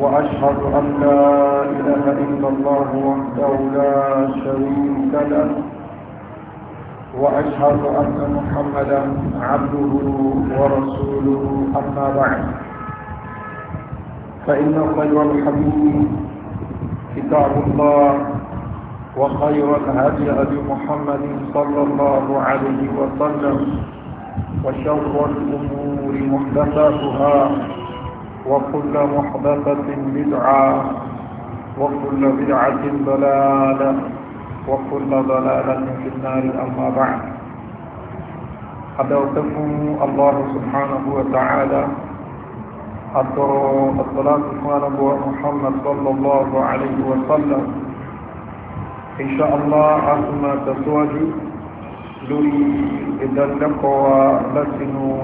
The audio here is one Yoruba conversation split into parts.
وأشهد أن لا إله إلا الله وحده لا شريك له وأشهد أن محمدا عبده ورسوله أما بعد فإن خير الحبيب كتاب الله وخير الهدي هدي محمد صلى الله عليه وسلم وشر الأمور محدثاتها وكل محدثة بدعة وكل بدعة ضلالة وكل ضلالة في النار أما بعد أدعوكم الله سبحانه وتعالى أدعو الصلاة على محمد صلى الله عليه وسلم إن شاء الله أسمى تسواجي لوري إذا لقوا لسنو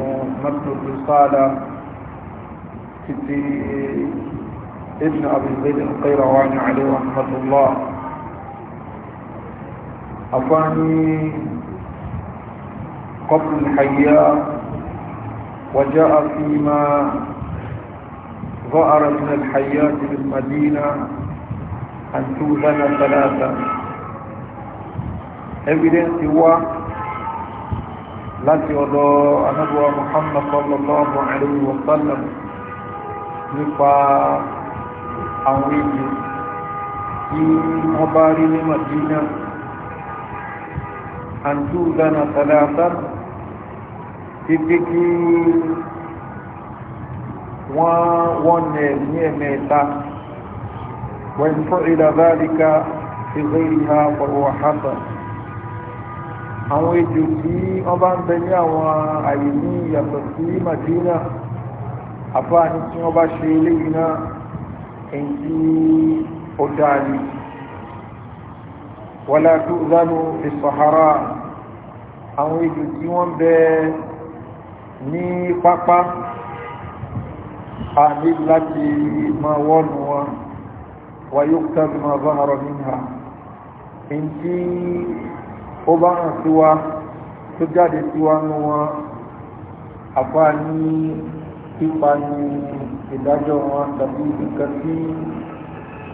مثل الرسالة títí ibn abdulbid al-qayrawani alayhi wa rahmatullah afani qabl al-hayya وجاء فيما ظهر من الحياة بالمدينة أن توزن ثلاثة evidence wa láti ọ̀dọ̀ anábọ̀wà Muhammad sallallahu alayhi wa sallam nípa àwọn èdè tí wọ́n bá rí ní Madina àjú ìdána tàdáta títí kí wọ́n wọ́n nẹ̀ ní ẹ̀mẹ́ta wọ́n fọ́ ìdàbáríká fi ghayriha fahuwa hasan àwọn èdè tí wọ́n bá ń bẹ ní àwọn àyè yàtọ̀ sí Madina àfáà ní tí wọ́n bá ṣe eléyìí náà èyí tí ó dáa ní wọ́lá tó zánú ìsọ̀hárá àwọn ìjò tí wọ́n bẹ ní pápá àmì láti ma wọ́nù wọn wà yóò tàbí ma bá ọ̀rọ̀ níhà èyí ó bá hàn sí tó jáde sí wa wọn àfáà ní pípa ní ìdájọ́ wọn tàbí nǹkan tí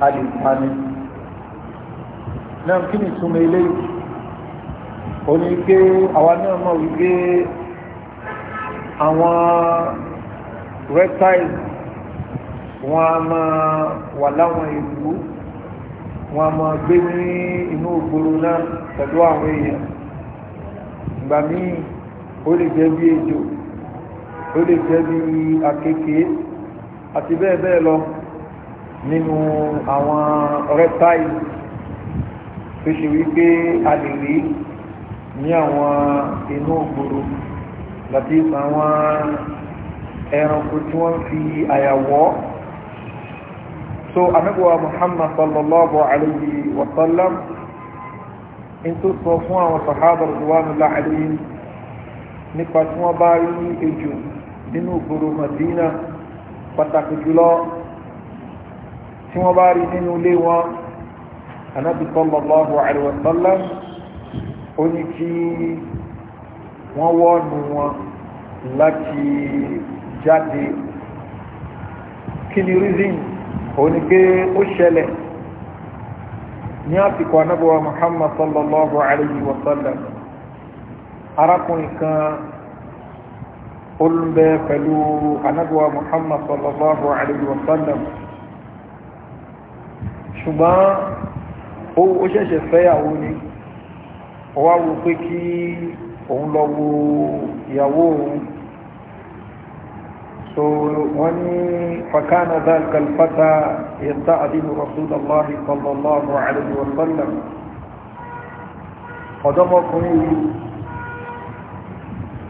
a lè pa ni náà kí ni ìtumọ̀ eléyìí ó ní pé àwa náà mọ̀ wípé àwọn reptiles wọn a máa wà láwọn ìlú wọn a máa gbé ní inú ògbóró náà pẹ̀lú àwọn èèyàn ìgbà míì ó lè jẹ́ bí ejò ó lè jẹ́ bí akéèké àti bẹ́ẹ̀ bẹ́ẹ̀ lọ nínú àwọn reptile tó ṣe wípé a lè rí ní àwọn inú ògbòrò láti àwọn ẹranko tí wọ́n fi àyàwọ́ so anabuwa muhammad sallallahu alayhi wa sallam in tó sọ fún àwọn sahaba rẹ̀ nílá àlẹ́yìn nípa tí wọ́n bá rí ejò nínú ìgboro Madina pàtàkì jùlọ tí wọ́n bá rí nínú ilé wọn anábì sallallahu alaihi wa sallam ó ní kí wọ́n wọ́ọ̀nù wọn láti jáde kí ni reason ó ní pé ó ṣẹlẹ̀ ní àsìkò anábì wa sallallahu alaihi wa sallam arákùnrin kan olùbẹ pẹ̀lú anábíwá muhammad sallallahu alayhi wa sallam ṣùgbọ́n ó ṣẹ̀ṣẹ̀ fẹ́yàwó ni ó wá wo pé kí òun lọ wo ìyàwó òun so wọ́n ní fakana dhalika alfata yasta'dinu rasulullah sallallahu alayhi wa sallam ọ̀dọ́mọkùnrin yìí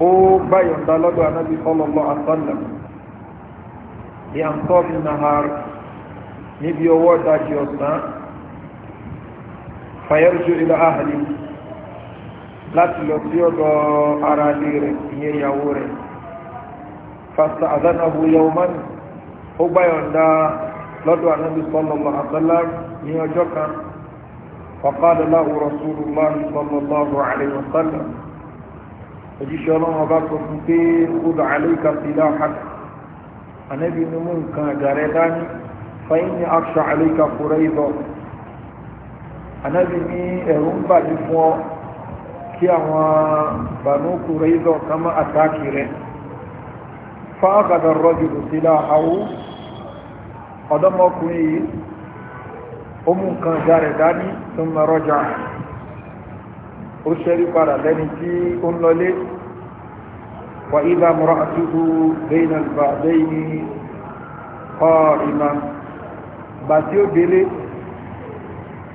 ó báyọ̀ǹda lọ́dọ̀ anábì sallallahu alaihi wasallam bí à ń tọ́ mi nahar níbi ọwọ́ dájú ọ̀sán fayarju ila ahli láti lọ sí ọ̀dọ̀ ara lè rẹ̀ ìyẹn ìyàwó rẹ̀ fasta adanahu yawman ó báyọ̀ǹda lọ́dọ̀ anábì sallallahu alaihi wasallam ní ọjọ́ kan faqala lahu rasulullahi sallallahu alaihi wasallam ojúṣe ọlọ́run ọba sọ fún pé kódà alayka silahak ànábì ni mú nǹkan àgàrẹ dání fa inni akhsha alayka Qurayza ànábì ní ẹ̀rù ń bàjẹ́ fún ọ kí àwọn Banu Qurayza kan má àtàkì rẹ̀ fa akhadha ar-rajulu silahahu ọ̀dọ́mọkùnrin yìí ó mú nǹkan àgàrẹ dání thumma raja'a ó ṣẹ́rí padà lẹ́ni tí ó ń lọlé wà ìdá mọ́ra àtúkú bẹ́yìn àlùbà lẹ́yìn kọ́ ìmá bà tí ó délé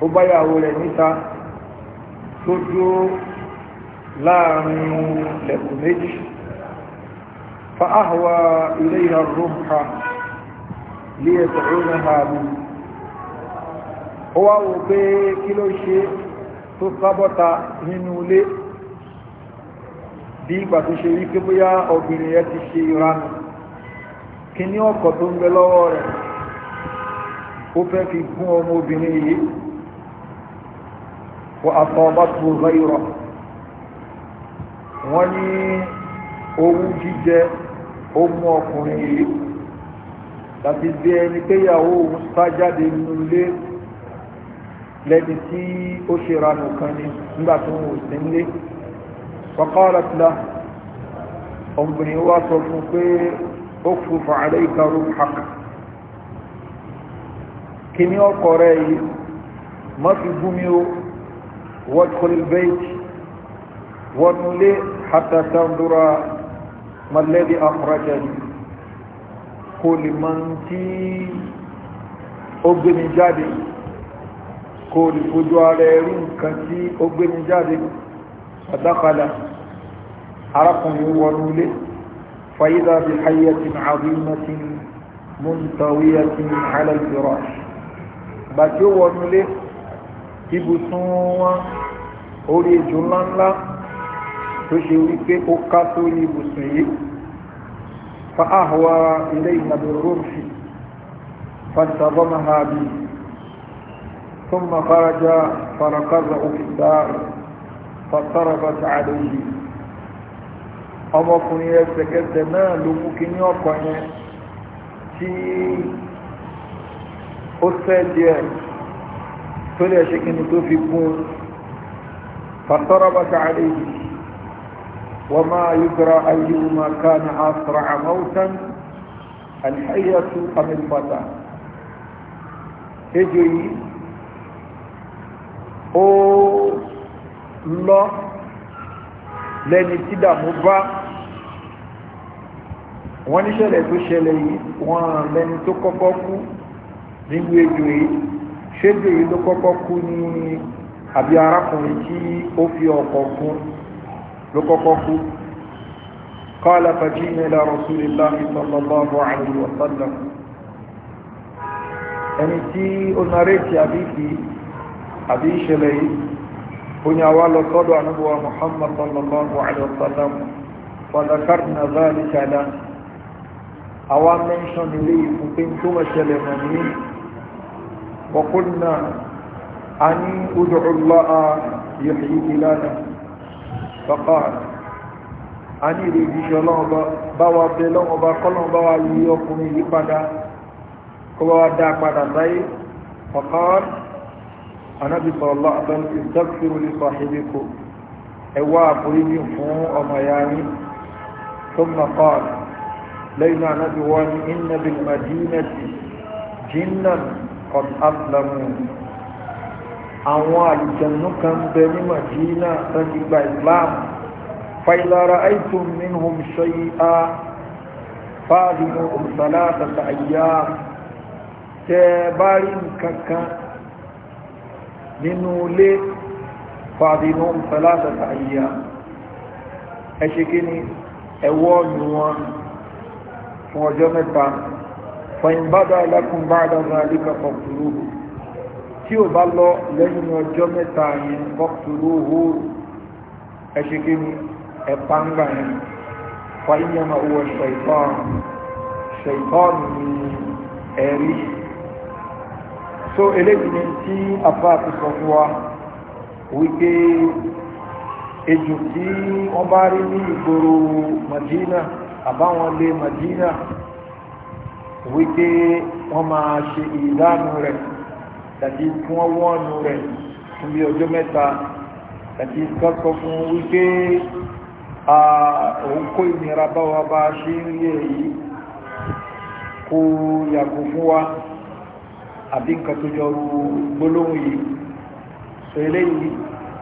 ó báyàwó rẹ̀ níta tó dúró láàrin lẹ́kùn méjì fa áhùwà ilé ìrọ̀rùn-ún lè tẹ̀rẹ̀ ó wá wò pé kí ló ṣe tó sábọ́ta nínú ilé bí ìgbà tó ṣe wípé bóyá obìnrin yẹn ti ṣe ìranù kí ní ọkọ̀ tó ń bẹ lọ́wọ́ rẹ̀ ó fẹ́ fi gún ọmọ yìí wọ àtọ̀ ọba tó ìrọ̀ lẹ́ni tí ó ṣe ranù kan ní nígbà tó ń wò sí nílé wàkọ́ọ̀lá tìlá ọmọbìnrin wá sọ fún pé ó kú fàálẹ́ ìkarú hàk kí ní ọkọ̀ rẹ̀ yìí má fi gúnmí ó wọ́n kọlùbẹ́ẹ̀tì kò lè fojú ara ẹrú nǹkan tí ó gbé mi jáde ọ̀dápadà arákùnrin wọnú ilé fàyídà bí hayyatin azimatin muntawiyatin ala al-firash bàtí ó wọnú ilé ibùsùn wọn orí ejò ńláńlá tó ṣe wípé ó ká sórí ibùsùn yìí fa ahwa ilayna bi rumhi fa sabamaha bihi ثم خرج في الدار فطربت عليه أما كني يستكد ما لممكن يقعن تي أستاذ ديال فلا شك أن توفي بون فطربت عليه وما يدرى أيهما كان أسرع موتا الحية أم الفتى هجري ó lọ lẹ́ni tí dàmú bá wọ́n níṣẹ̀lẹ̀ tó ṣẹlẹ̀ yìí wọ́n lẹ́ni tó kọ́kọ́ kú nínú ejò yìí ṣéjò yìí ló kọ́kọ́ kú ní àbí arákùnrin tí ó fi ọkọ̀ kún ló kọ́kọ́ kú قال فجئنا إلى رسول الله صلى الله عليه وسلم ẹni tí ó narẹ́tì àbíkì àbí ìṣẹ̀lẹ̀ yìí ó ní àwa lọ sọ́dọ̀ ànúbọ̀wá muhammad sallallahu alayhi wa sallam fadakarna zalika la àwa mẹ́ńṣọ́n ilé ìfún pé tó wọ́n ṣẹlẹ̀ mọ̀ ní ọkùnrin a ní ojú ọlọ́ a yìí ìlànà bàbá a ní ilé ìdíṣẹ́ ọlọ́ọ̀bá bá wa bẹ lọ́wọ́bá kọ́lọ́n wa yí ọkùnrin yí padà kó wa dá padà sáyé anábì sọ̀rọ̀lá àtàn ìdọ́kìrò ní sọ̀hìdìkò ẹwà àforíjì fún ọmọ ya yín tó mọ kọ́ọ̀d lẹ́yìn náà anábì wọ́n ní ìnàbí madinati jinnan qad aslamu àwọn àlùjẹ̀nù kan bẹ ní madina tán ti gba islam fàìlára àìtùn minhum shay'a fáàdùnú òmùsàlá àtàtà àyà tẹ bá rí nǹkan kan nínú ilé fàdínú fẹ́lásẹ̀ta àyíyá ẹṣẹ́ kí ni ẹwọ́ ọ̀nù wọn fún ọjọ́ mẹ́ta fàyínbádà alákùn bá dáadáa líka fọ̀kùrúhù tí ó bá lọ lẹ́yìn ọjọ́ mẹ́ta yìí fọ̀kùrúhù ẹṣẹ́ kí ni ẹ̀páǹgbà yẹn fàyínyàmà ẹ̀rí so eléyìí ni tí àfá ti sọ fún wa wípé ejò tí wọ́n bá rí ní ìgboro Madina àbáwọn lé Madina wípé wọ́n máa ṣe ìdánù rẹ̀ tàbí kí wọ́n wọ́nù rẹ̀ fún bí ọjọ́ mẹ́ta tàbí kọ́kọ́ fún wípé òun kó ìnira báwa bá ṣe ń rí èyí kó yàgò fún wa àbí nǹkan tó jọ gbólóhùn yìí sọ eléyìí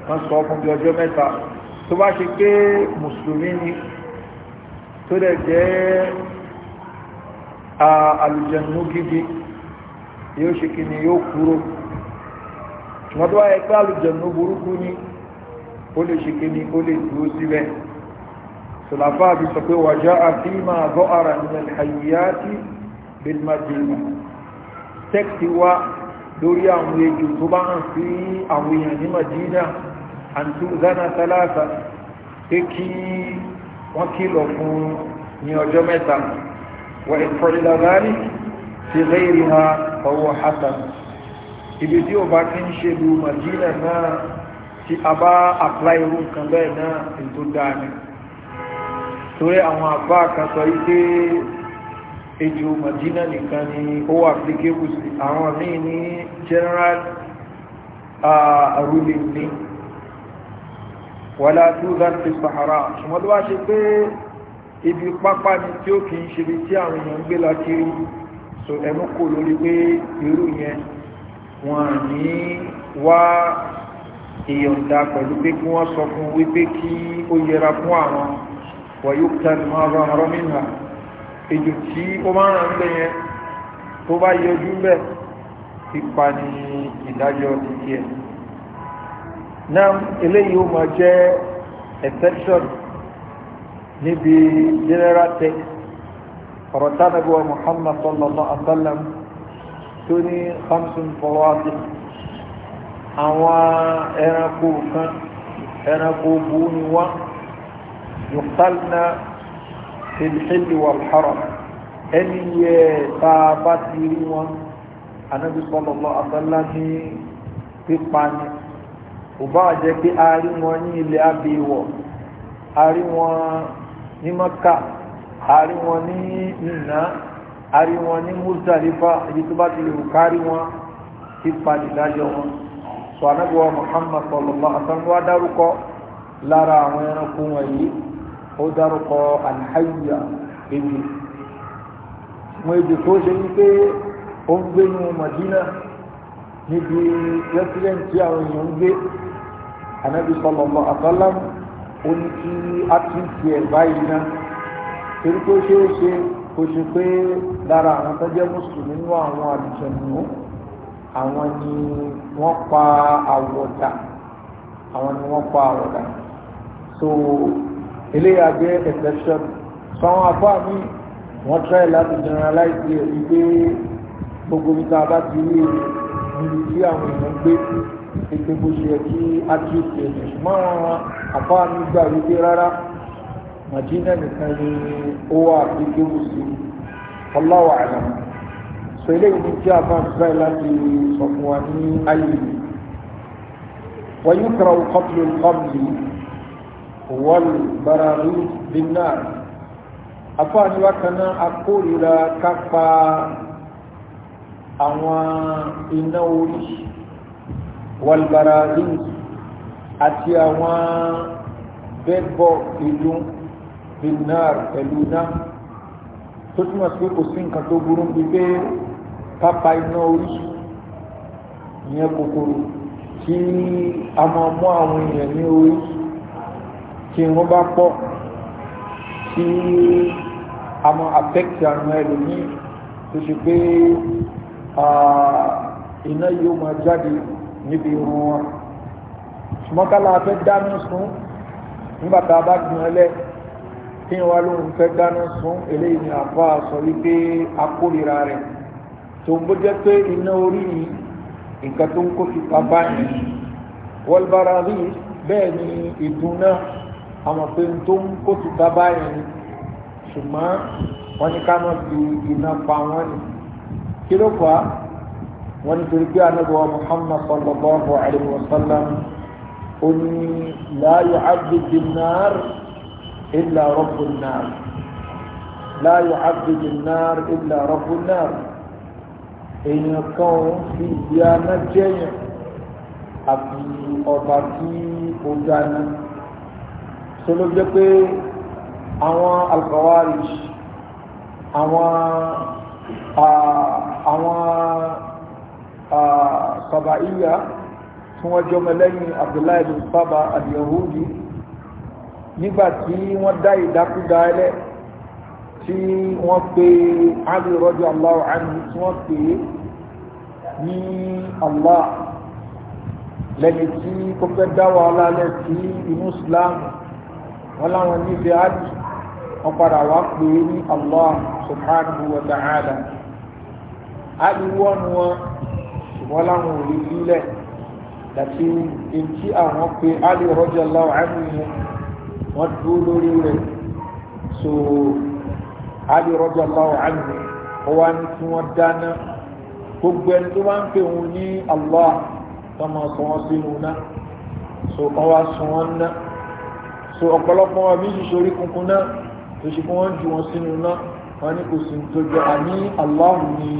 wọ́n sọ fún bí ọjọ́ mẹ́ta tó bá ṣe pé mùsùlùmí ni tó dẹ̀ jẹ́ àlùjẹ̀nú gidi yóò ṣe kí ni yóò kúrò ṣùgbọ́n tó wáyé pé àlùjẹ̀nú burúkú ni ó lè ṣe kí ni ó lè dúró síbẹ̀ sọ̀làfáà bí sọ pé wàjá àti máa bọ́ ara nílẹ̀ àyíyá sí bílmà protect wa lórí àwọn ejò tó bá hàn sí àwọn èèyàn ní madina àti zana talata pé kí wọ́n kìlọ̀ fún ní ọjọ́ mẹ́ta wà ìfọ̀lẹ́lárí ti rẹ́rì ha ọwọ́ hassan ibi tí ó bá kí ń ṣe lu madina náà tí a bá apply irú nǹkan bẹ́ẹ̀ náà ètò dáa ejò madina nìkan ni ó wà applicable sí àwọn míì ní general ruling ní wàlá tó dán fi sahara ṣùgbọ́n tó wá ṣe pé ibi pápá ni tí ó kìí ṣe bí tí àwọn èèyàn ń gbé lákiri so ẹnu kò lórí pé irú yẹn wọn ní wá ìyọ̀nda pẹ̀lú pé kí wọ́n sọ fún wípé kí ó yẹra fún àwọn wọ̀nyí tẹnu máa rọrùn rọmìnà èjò tí ó máa ń ràn lẹ́ yẹn tó bá yọjú bẹ́ ipa ni ìdájọ́ títí ẹ̀ náà eléyìí ó máa jẹ́ exception níbi general text ọ̀rọ̀ tánàbíwá Muhammad sallallahu alaihi Wasallam sallam tó ní hamsun fọwọ́sí àwọn ẹranko kan ẹranko bú ni wá yóò tálná في الحل والحرم أني تابتي لهم النبي صلى الله عليه وسلم في قاني وبعد كي أريموني لأبيو أريموني ní maka àrí wọn ní nìna àrí wọn ní Muzdalifa èyí tó bá ti lè kárí wọn ti padì dájọ wọn sọ anábíwá Muhammad sallallahu alaihi wa lára àwọn ẹranko wọn yìí ó dárúkọ àlìháyà èdè wọn èdè tó ṣe wípé ó ń gbé ní Madina níbi rẹ́sídẹ̀ǹtì àwọn èèyàn ń gbé ànábi sọlọ́mọ àtọ́lámù ó ní kí á ti ń tiẹ̀ báyìí náà torí tó ṣe é ṣe kò ṣe pé lára àwọn tó jẹ́ mùsùlùmí nínú àwọn àlùjọ̀nù àwọn ni wọ́n pa àwọ̀dà àwọn ni wọ́n pa àwọ̀dà so eléyà jẹ́ exception sọ́wọ́n afọ́ àmì wọ́n try láti generalize rẹ̀ wípé gbogbo níta bá ti rí níbi tí àwọn èèyàn gbé ètò bó ṣe yẹ kí atúntì ẹ̀jẹ̀ ṣùgbọ́n àwọn afọ́ àmì gbà wípé rárá màjínà nìkan ni ó wà bí kéwù sí Allahu a'lam sọ eléyìí ní tí afọ́ àmì try láti sọ fún wa ní ayé wọ́n yóò kọ́ra ọkọ̀ tó lè kọ́ mi yìí. والبراغيث بالنار afáàní wákaná akórira kápa àwọn iná orí walbaraghis àti àwọn bẹ́ẹ̀bọ̀ ìlú binar pẹ̀lú náà tó túnmọ̀ sí kò sí nǹkan tó burú bí pé pápá iná orí ìyẹn kòkòrò tí a máa mú àwọn èèyàn ní orí tí wọ́n bá pọ̀ tí a mọ affect àwọn ẹlòmíì tó ṣe pé iná yóò máa jáde níbi irun wọn ṣùgbọ́nkálá fẹ́ dáná sun nígbà tá a bá gbìn ọlẹ́ tí wọ́n lóun fẹ́ dáná sun eléyìí ni àfa sọ wípé akórira rẹ̀ tó ń bó jẹ́ pé iná orí yìí nǹkan tó ń kó fipá báyìí wọ́n bára rí bẹ́ẹ̀ ni ìdun náà àmọ̀ pé n tó ń kó ti dá báyìí ni ṣùgbọ́n wọ́n ní ká máa fi iná pa wọ́n ni kí ló fà á wọ́n ní torí pé anábọ̀ Muhammad sallallahu alayhi wa sallam ó ní la yu'adhibu an-nar illa rabbu an-nar la yu'adhibu an-nar èèyàn kan ò fi ìyá náà jẹ́yàn ọba tí ó dáná tó ló jẹ́ pé àwọn alkawarij àwọn àwọn sàbàíyà tí wọ́n jọmọ lẹ́yìn abdullahi bin sábà al-yahudi nígbàtí wọ́n dá ìdákúdá ẹlẹ́ tí wọ́n pe Ali radiyallahu anhu tí wọ́n pe ní Allah lẹ́ni tí kò dá wàhálà lẹ́ sí inú islam wọn láwọn níbi ájì wọn padà wá pè é ní allah subhanahu wa ta'ala ájì wọ́nu wọn ṣùgbọ́n láwọn ò rí sílẹ̀ dàtí etí àwọn pé ájì radiyallahu anhu yẹn wọ́n dúró lórí rẹ̀ so ájì radiyallahu anhu wọ́n wá ní kí wọ́n dáná gbogbo ẹni tó bá ń pè wọn ní allah tọmọ sọ wọn sínú náà so wọ́n sọ wọn náà so ọ̀pọ̀lọpọ̀ wọn bí ṣiṣẹ́ orí kunkun náà tó ṣe fún wọn ju wọn sínú náà wọn ní kò sí tó jọ àní aláwọ̀ ní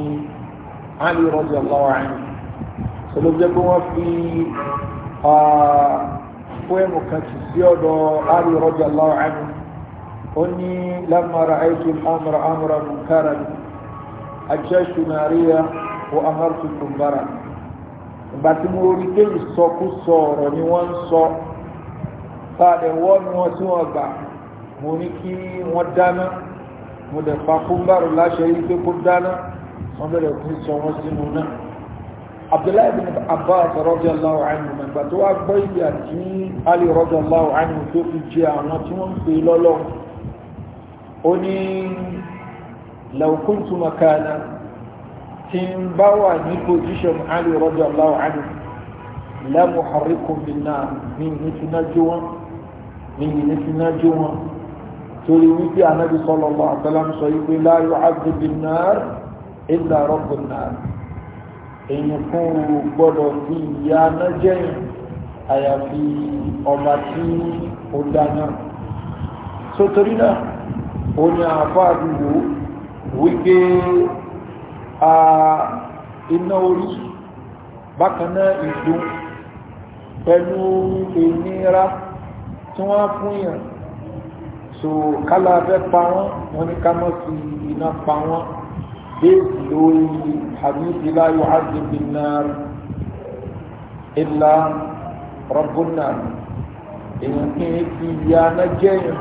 alì rọ́jì aláwọ̀ àyìn so ló jẹ́ pé wọ́n fi fóẹ̀mù kan tì sí ọ̀dọ̀ alì rọ́jì aláwọ̀ àyìn ó ní lámàrà àìkú amúra amúra mùkára ni àjẹsù nàríyà ó amárùtù kùmbára ìgbà tí mo rí pé ìsọkúsọ ọ̀rọ̀ ni wọ́n ń sọ tààdẹ̀ wọ́nu wọn tí wọ́n gbà mo ní kí wọ́n dáná mo dẹ̀ pa kúmbàrù láṣẹ yìí pé kó dáná wọ́n bẹ̀rẹ̀ kí sọ wọ́n sínú náà abdullahi bin abbas radiyallahu anhu mẹ́gbà tó wá gbọ́ ìdí àti ali radiyallahu anhu tó fi jẹ àwọn tí wọ́n ń pè lọ́lọ́ ó ní law kuntu makana tí ń bá wà ní position ali radiyallahu anhu la muharrikum bin nar ní ìtúnájú wọn níbi ní fi náà jó wọn torí wípé anábì sallallahu alaihi wasallam sọ wípé la yu'adhibu an-nar illa rabbun nar èyí fún gbọ́dọ̀ fi ìyá náà jẹ́yìn àyàfi ọba tí ó dáná so torí náà ó ní àfá àdúgbò wípé iná orí bákanáà ìdún pẹ̀lú ìnira tí wọ́n fún yàn so kálá fẹ́ pa wọ́n wọ́n ní ká mọ́ sí iná pa wọ́n déèdì lórí àbíbi láyò àdìbì náà ìlà rọ́bùnà èèyàn kí n fi ìyá náà jẹ́yàn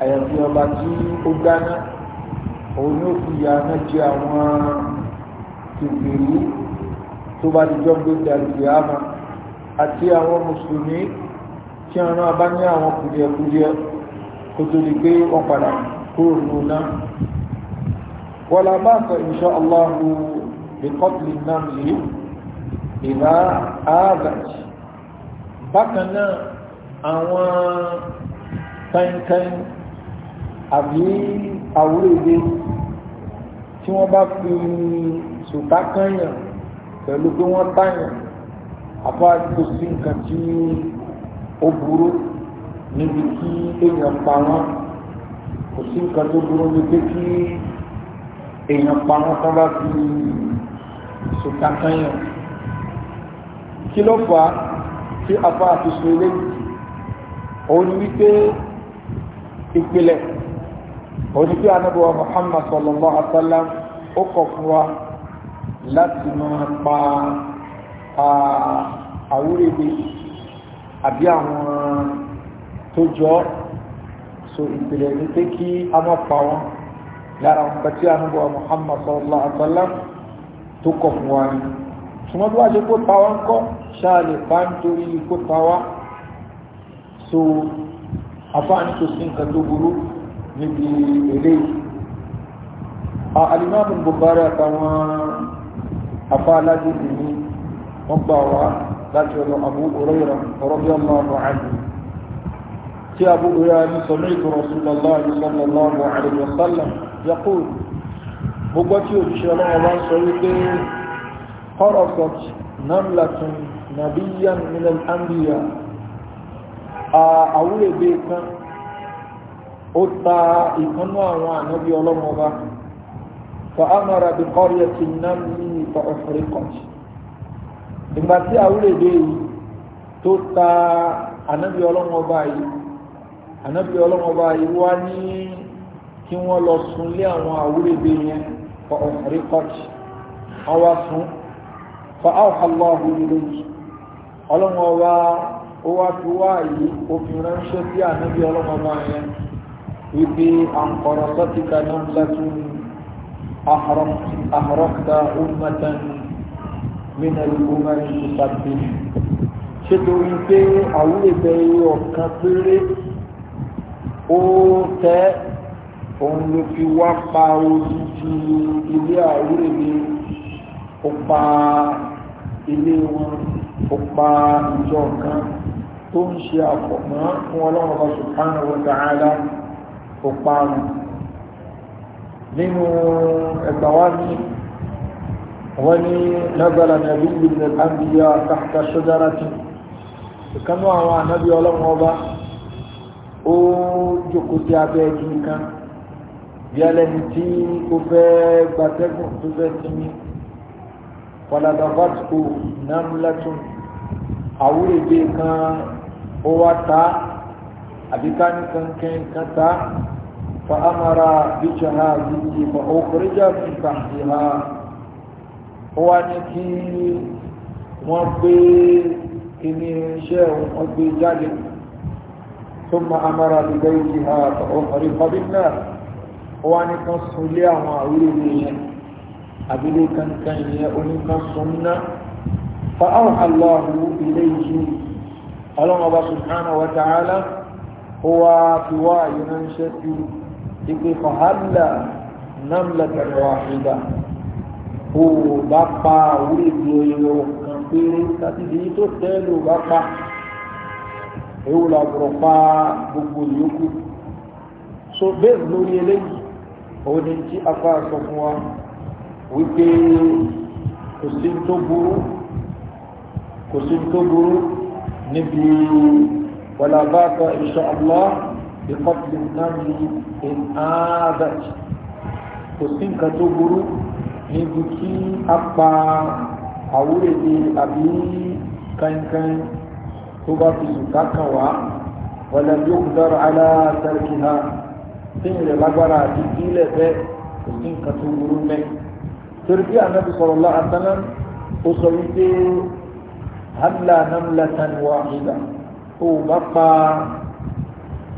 àyàfi ọba tí ó dáná òun yóò fi ìyá náà jẹ àwọn ìgbèrú tó bá ti gbé dàgbé àmà àti àwọn mùsùlùmí tí wọn náà bá ní àwọn kùdìẹ̀kùdìẹ kó tó di pé wọn padà kúrò lóná wọn la bá sọ insha Allah bi qatli an-namli ìlà ààbàjì bákan náà àwọn kankan àbí àwúrèdè tí wọ́n bá fi sùtá kányàn pẹ̀lú pé wọ́n tányàn àbá kò sí nǹkan tí ó burú níbi kí èèyàn pa wọ́n kò sí nǹkan tó burú níbi kí èèyàn pa wọ́n tán bá fi sùkà kányàn kí ló fà á tí afá àti sùn eléyìí òun ni wípé ìpìlẹ̀ òun ni pé anábọ̀wá Muhammad sallallahu alaihi wa sallam ó kọ̀ fún wa láti máa pa àwúrẹ́gbẹ́ àbí àwọn tó jọ so ìpìlẹ̀ ní pé kí a mọ̀ pa wọn lára wọn kàtí ànúbọ̀ Muhammad sallallahu alaihi wa sallam tó kọ̀ fún wa ni ṣùgbọ́n bí wá ṣe kó pa wá kọ́ ṣáà bá ń torí kó pa wá so afáàní kò sí nǹkan tó burú níbi èlé alimami Bukhari àtàwọn afáàlágbèbè ni wọ́n gbà wá لكن أبو هريرة رضي الله عنه في أبو هريرة سمعت رسول الله صلى الله عليه وسلم يقول بقتي الشراء وصيته قرصت نملة نبيا من الأنبياء أولي بيتا أتا إكنوا ونبي الله فأمر بقرية النمل فأحرقت ìgbà tí àwúrèdè yìí tó ta ànábì ọlọ́mọba yìí ànábì ọlọ́mọba yìí wá ní kí wọ́n lọ sunlé àwọn àwúrèdè yẹn for ọ̀rẹ́kọ́tì àwa sun fa yìí ọlọ́mọba ó wá fi wá yìí òfin ránṣẹ́ sí ọlọ́mọba yẹn wípé àǹkọ̀rọ̀ sọ́tìkà náà àhọ́rọ́kta ó nínú ìgbóná ìsàbí ṣètòrí pé àwúrẹ̀bẹ̀ ọ̀kan péré ó tẹ́ òun ló fi wá pa ojújú ilé àwúrẹ̀bẹ̀ ó pa ilé wọn ó pa ìjọ kan tó ń ṣe àfọ̀mọ́ fún ọlọ́run ọba subhanahu wa ta'ala ó pa nínú ẹgbàá wa ní وني نزل نبي من الأنبياء تحت شجرة كانوا على نبي الله وضع ó jókòó sí abẹ́ ẹjú kan bí ẹlẹ́ni tí ó fẹ́ gbatẹ́gùn tó fẹ́ sinmi padàdà vatco námúlẹ́tún kan ó wá ta àbíká kankan kan ta fa amara bíjọ ha bíi fa òkúrẹ́jà fún kàfíhà ó wá ní kí wọ́n gbé kíní iṣẹ́ wọn gbé jáde tó ma amára lùgbẹ́ ìjì ha ọ̀rí public náà ó wá ní kan sun lé àwọn àwúrò yẹn àbílẹ̀ kankan yẹn oníkan sun ná fa áwọn aláhu ilé yìí ọlọ́run ọba subhanahu ó wá fi wá àyè sí ipe fàhálà náà lẹ́tẹ̀rẹ̀ o bá pa orí ìdí ẹyọ kan péré láti di tó tẹ́lẹ̀ o bá pa èwo la gbọ́dọ̀ pa gbogbo yòókù so bẹ́ẹ̀ lórí eléyìí òun ni tí a fa sọ fún wa wípé kò sí tó burú kò sí tó burú níbi wàlábàtà ìṣàlọ́ ìkọ́tìlì náà ní ìnáàbàjì kò sí nǹkan tó burú níbi kí a pa àwúrèdè àbí kankan tó bá fi sùkà kan wá wọlé bí ó kù dára aláàtàkì ha tí ìrẹ̀ lágbára àti ìpínlẹ̀ bẹ́ kò sí nǹkan tó burú mẹ́ torí bí anábì sallallahu alaihi ó sọ wípé hamla namlatan wahida ó bá pa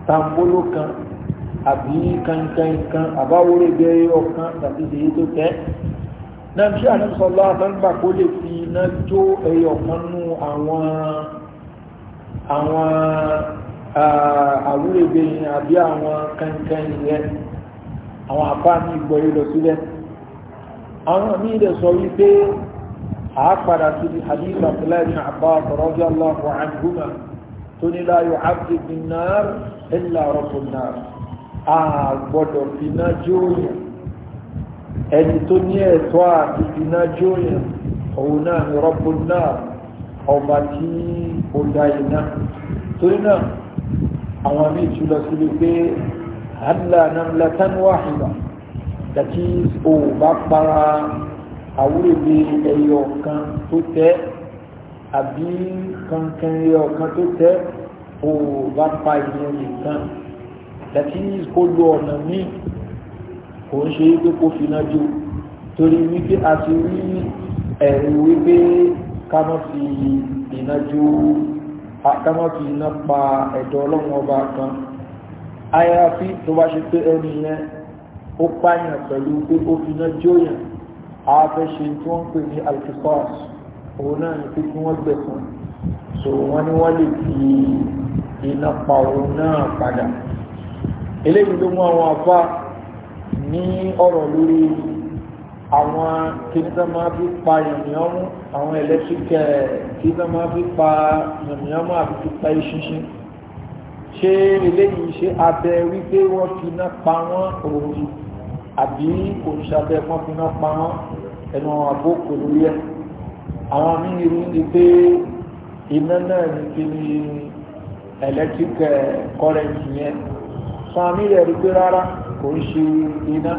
tambolo kan àbí kankankan àbáwóré bẹ́ẹ̀ ọ̀kan tàbí èyí tó tẹ́ náà bí àníṣọ́lá àtàgbà kó lè fi iná jó ẹyọ kan nú àwọn àwọn àwúrẹ́gbẹ̀ yìí àbí àwọn kankan yẹn àwọn àbá ní ìgbọ̀ ìlọ sílẹ̀ àwọn míì lè sọ wípé àápadà sí ní hadith abdullahi bin abbas radiyallahu anhuma tó ní la yu'adhdhib bin nar illa rabbun nar a gbọ́dọ̀ finá jóòyàn ẹni tó ní ẹ̀tọ́ àti finá jóòyàn òun náà ni rọ́pò náà ọba tí ó dá iná torí náà àwọn míì tún lọ síbi pé hàdìlà namlatan wahida that is o bá para àwúrèbe ẹyọ kan tó tẹ́ àbí kankan ẹyọ kan tó tẹ́ o bá pa ìyẹn nìkan that is kó lo ọ̀nà míì kò ń ṣe pé kó fi náà jó torí wípé a ti rí ẹ̀rù wípé ká má fi iná jó ká má fi iná pa ẹ̀dọ̀ ọlọ́run ọba kan àyàfi tó bá ṣe pé ẹni yẹn ó pààyàn pẹ̀lú pé ó fi iná jó yàn á fẹ́ ṣe tí wọ́n ń pè ní alkifas òun náà ni pé kí wọ́n gbẹ̀sán so wọ́n ní wọ́n lè fi iná pa òun náà padà eléyìí ló mú àwọn àfá ní ọ̀rọ̀ lórí àwọn kìnnìkan pa yànmíọ́mú àwọn ẹ̀lẹ́tíríkẹ̀ eh, kìnnìkan máa pa yànmíọ́mú àti fi pa eṣinṣin ṣé eléyìí ṣe abẹ wípé wọ́n fi iná pa wọ́n òòrùn àbí òṣìṣàbẹ wọ́n fi iná pa wọ́n ẹnu àwọn àbókò lórí ẹ̀ àwọn míì ni pé iná náà ní kí ni ẹ̀lẹ́tíríkẹ̀ kọ́rẹ́ǹtì eh, yẹn sami rẹ̀ rí pé rárá kò ń ṣe iná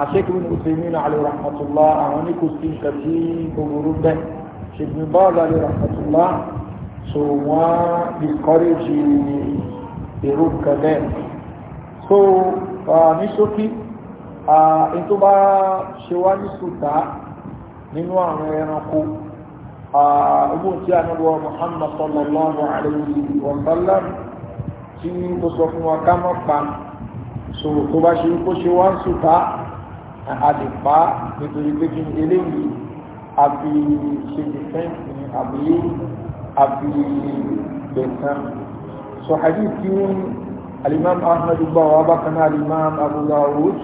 àṣekùn ìsinmi alayhi rahmatullah àwọn ní kò sí nǹkan tí gbogbo bẹ́ ṣègbìn báàlù alayhi rahmatullah so wọ́n discourage èrò nǹkan bẹ́ẹ̀ so ní ṣókí in tó bá ṣe wá ní sùtá nínú àwọn ẹranko ọgbọ́n tí a nílò Muhammad sallallahu alayhi wa tí ó sọ fún wa ká mọ́ pa so tó bá ṣe kó ṣe wá ń sùtá àdìpá nítorí pé kí eléyìí àbí ṣe dìfẹ́ǹsì àbí àbí bẹ̀sán so hadith tí wọ́n alimam ahmed gbà wá bákan náà alimam abu dawud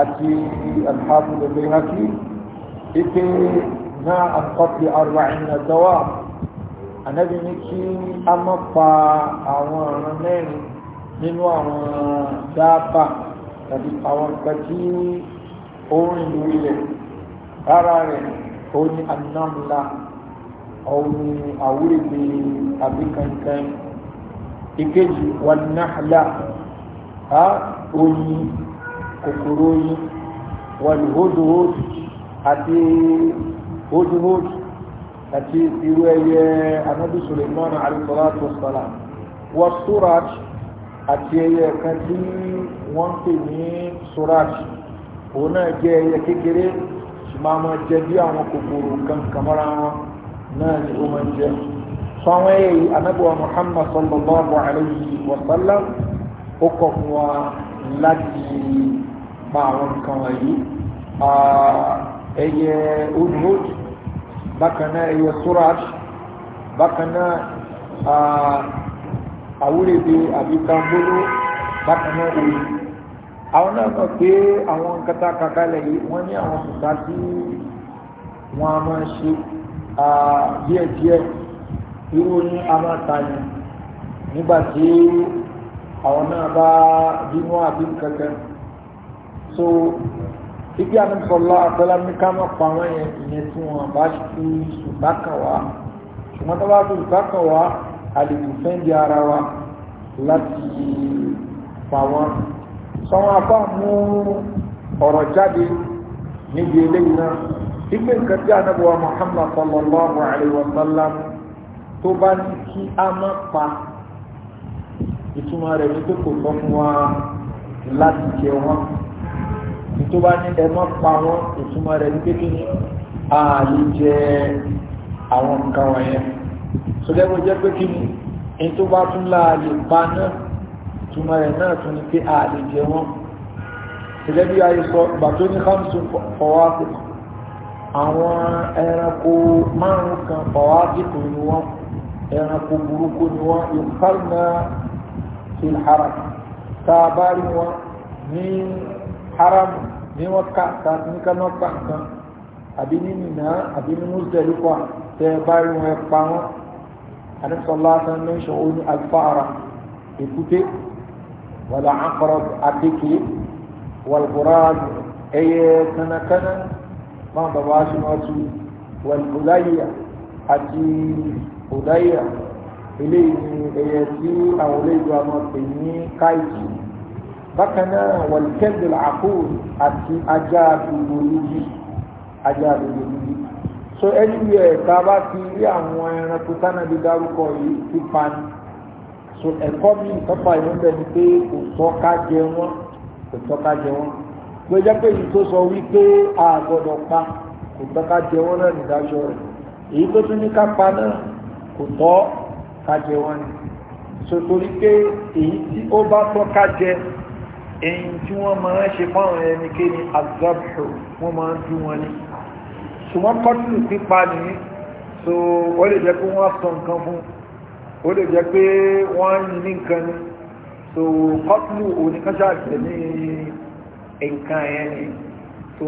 àti alhafiz al-bayhaqi ipe náà àkọ́kì arba'in ad-dawab ànábì ní kí a má pa àwọn ọ̀ràn mẹ́rin nínú àwọn dáàbà tàbí àwọn nǹkan tí ó rìn lórí rẹ̀ rárá rẹ̀ ó ní anámúlá òun ni àwúrẹ̀gbẹ̀ àbí kankan ìkejì wà náhàlá á oyin kòkòrò oyin wà ní hódòhódò àti hódòhódò àti irú ẹyẹ anábì suleiman alayhisalatu wasalam wa suraj àti ẹyẹ kan tí wọ́n pè ní suraj òun náà jẹ́ ẹyẹ kékeré tí máa ma jẹ bí àwọn kòkòrò kan kàmọ́ra náà ni ó máa jẹ fáwọn ẹyẹ anábì wa muhammad sallallahu alayhi wa sallam ó kọ̀ fún wa láti pa àwọn nǹkan wọ̀nyí ẹyẹ udhud bákanáà ẹyọ suraj bákanáà àwúrèdè àbíkambóló bákanáà òyì àwọn náà mọ̀ pé àwọn kata kakalẹ̀ yìí wọ́n ní àwọn kùtà tí wọ́n a máa ṣe díẹ̀díẹ̀ irú ní amátayẹ nígbàtí àwọn náà bá bínú àbí kankan so ibi àmìsọ̀lá àtọ́lámíká mọ́ pa wọ́n yẹn ìyẹn tí wọ́n bá fi ṣùgbá kan wá ṣùgbọ́n tó bá fi ṣùgbá kan wá àlejò fẹ́ di ara wa láti pa wọ́n sọ́wọ́n afá mú ọ̀rọ̀ jáde níbi eléyìí náà ìgbé nǹkan tí anábọ̀wá Muhammad sallallahu alayhi wa sallam tó bá ní kí a má pa ìtumọ̀ rẹ̀ ní pé kò tọ́ fún wa láti jẹ wọn tó bá ní ẹ mọ́ pa wọ́n ìtumọ̀ rẹ̀ ní kékeré ààyè jẹ àwọn nǹkan wọ̀nyẹn sọdẹ́gbẹ́ jẹ́ pé kí ni ẹni tó bá tún láàyè pa náà ìtumọ̀ rẹ̀ náà tún ni pé ààyè jẹ wọ́n gẹ́gẹ́ bí ayé sọ ìgbà tó ní hamsu fọwọ́sìkò àwọn ẹranko márùn kan fọwọ́sìkò ni wọ́n ẹranko burúkú ni wọ́n yóò kárùn tá a bá rí wọn ní haram ní wọ́n ká ta ní ká náà pa nǹkan àbí ní Mínà àbí ní Muzdalifa tẹ báyìí wọn pa wọn àdìsọ́lá sàn mẹ́sàn ó ní alfáàrà èkúté wàlà àkọrọ̀ àdékè wàlbùràdù ẹyẹ kanakana máa bàbá aṣọ́nàtú wàlbùláyà àti bùláyà eléyìí ni ẹyẹ tí àwọn olóyìnbó àwọn pè ní káìtì bákan náà wọ̀lùkẹ́lù àkóò àti ajá àdúgbò lójú ajá àdúgbò lójú so ẹnìwé ẹ̀ka bá ti rí àwọn ẹranko tánàbí dárúkọ yìí ti pa ni so ẹ̀kọ́ mi ìtọ́pa ìlú bẹ̀ ni pé kò tọ́ka jẹ wọ́n kò tọ́ka jẹ wọ́n pé jẹ́ pé èyí tó sọ wípé a gbọ́dọ̀ pa kò tọ́ka jẹ wọ́n náà nídájọ́ rẹ̀ èyí tó tún ní ká pa náà kò tọ́ ká jẹ wọ́n ni so torí pé èyí tí ó bá tọ́ka jẹ èyí tí wọ́n máa ṣe fáwọn ẹnikẹ́ni azabhu wọ́n máa ń dú wọn ní ṣùgbọ́n kọ́tùlù pípa ní so ó lè jẹ́ pé wọ́n sọ nǹkan fún ó lè jẹ́ pé wọ́n ń ní nǹkan ní so kọ́tùlù oníkanṣà tẹ̀lé nǹkan yẹn ni so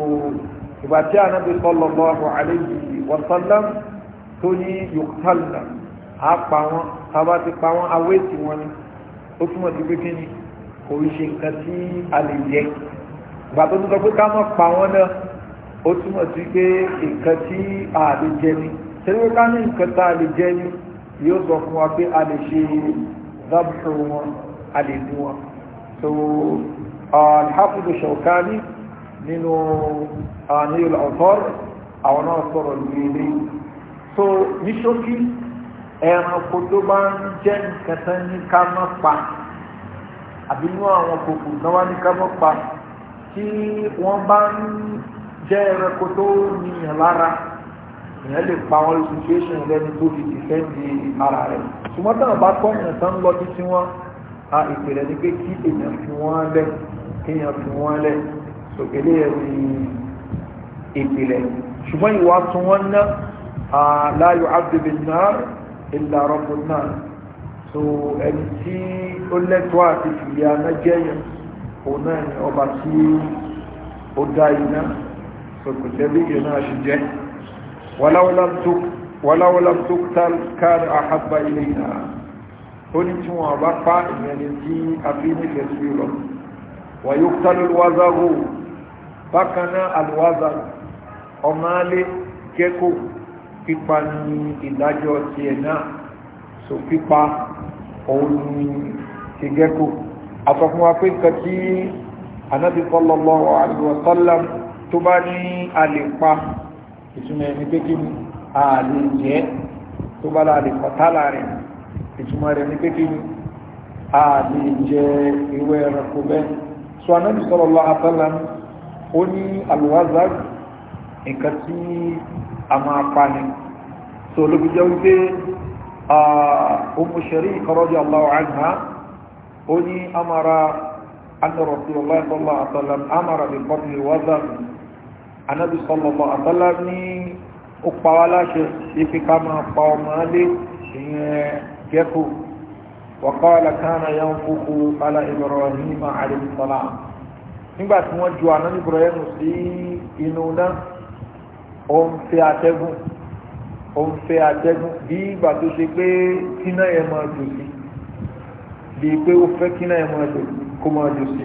ìgbà tí anábì sallallahu alayhi wa sallam tó ní yuqtalna á wọn tá ti pa wọn awé tí wọn ni ó túmọ̀ sí pé kí ni kò ń ṣe nǹkan tí a lè jẹ ìgbà tó ń sọ pé ká má pa wọn náà ó túmọ̀ sí pé nǹkan tí a lè jẹ ni tẹ́lẹ̀ ká ní nǹkan tá a lè jẹ ni yóò sọ fún wa pé a lè ṣe dábùkù wọn a lè dún wọn so alhafidu shawkani nínú anil autor àwọn náà sọ̀rọ̀ lórí ilé ní ṣókí ẹranko tó bá ń jẹ́ nǹkan tán ní ká má pa àbí inú àwọn kòkò náwá ní kábọ́ pa tí wọ́n bá ń jẹ́ ẹranko tó níyàn lára ìyẹn lè pa wọn situation lẹ́ni tó fi dìfẹ́ǹdì ara rẹ̀ ṣùgbọ́n táwọn bá kọ́ èèyàn tán lọ sí tí wọ́n a ìpìlẹ̀ ní pé kí èèyàn fi wọ́n lẹ̀ kéèyàn fi wọ́n lẹ̀ sòkèlè ẹ̀ ìpìlẹ̀ ṣùgbọ́n ìwà tún wọ́n ná láyò abdulbinar ìlà rọ̀bùnà so ẹni tí ó lẹ́tọ́ àti fìyà anájẹ́yẹ òun náà ni ọba tí ó dá iná sọkùtẹ́ bí iná ṣe jẹ́ wàláwọ́lá tó kárí àhábà ilé iná ó ní tí wọ́n bá pa ìyẹni tí a fi nífẹ̀ẹ́ sí lọ wà yóò tálù wázàwò bákan náà àlùwázà ọmọ kẹ́kọ̀ọ́ pípa ní ìdájọ́ tiẹ̀ náà so pípa òun ni ti gẹ́kù àtọ́fún wa pé nǹkan tí anábì sallallahu alaihi wa sallam tó bá ní àlèpa ìtumọ̀ ẹni pé kí ni àlè jẹ́ tó bá la àlèpa tálà rẹ̀ ìtumọ̀ rẹ̀ ní pé kí ni àlè jẹ́ ìwé ẹranko bẹ́ẹ̀ so anábì sallallahu alaihi ó ní alwazag nǹkan tí a máa pa ni so ló jẹ́ أم شريك رضي الله عنها أني أمر أن رسول الله صلى الله عليه وسلم أمر بالقتل الوزن النبي صلى الله عليه وسلم أقبلش في كما قوم يكو وقال كان ينفخ على إبراهيم عليه السلام nígbà tí wọ́n ju àná ibrahim sí inú náà ó ń fi àtẹ́gùn ó ń fẹ́ atẹ́gùn bí ìgbà tó ṣe pé kíná yẹn máa jò sí bí i pé ó fẹ́ kíná yẹn máa jò kó máa jò sí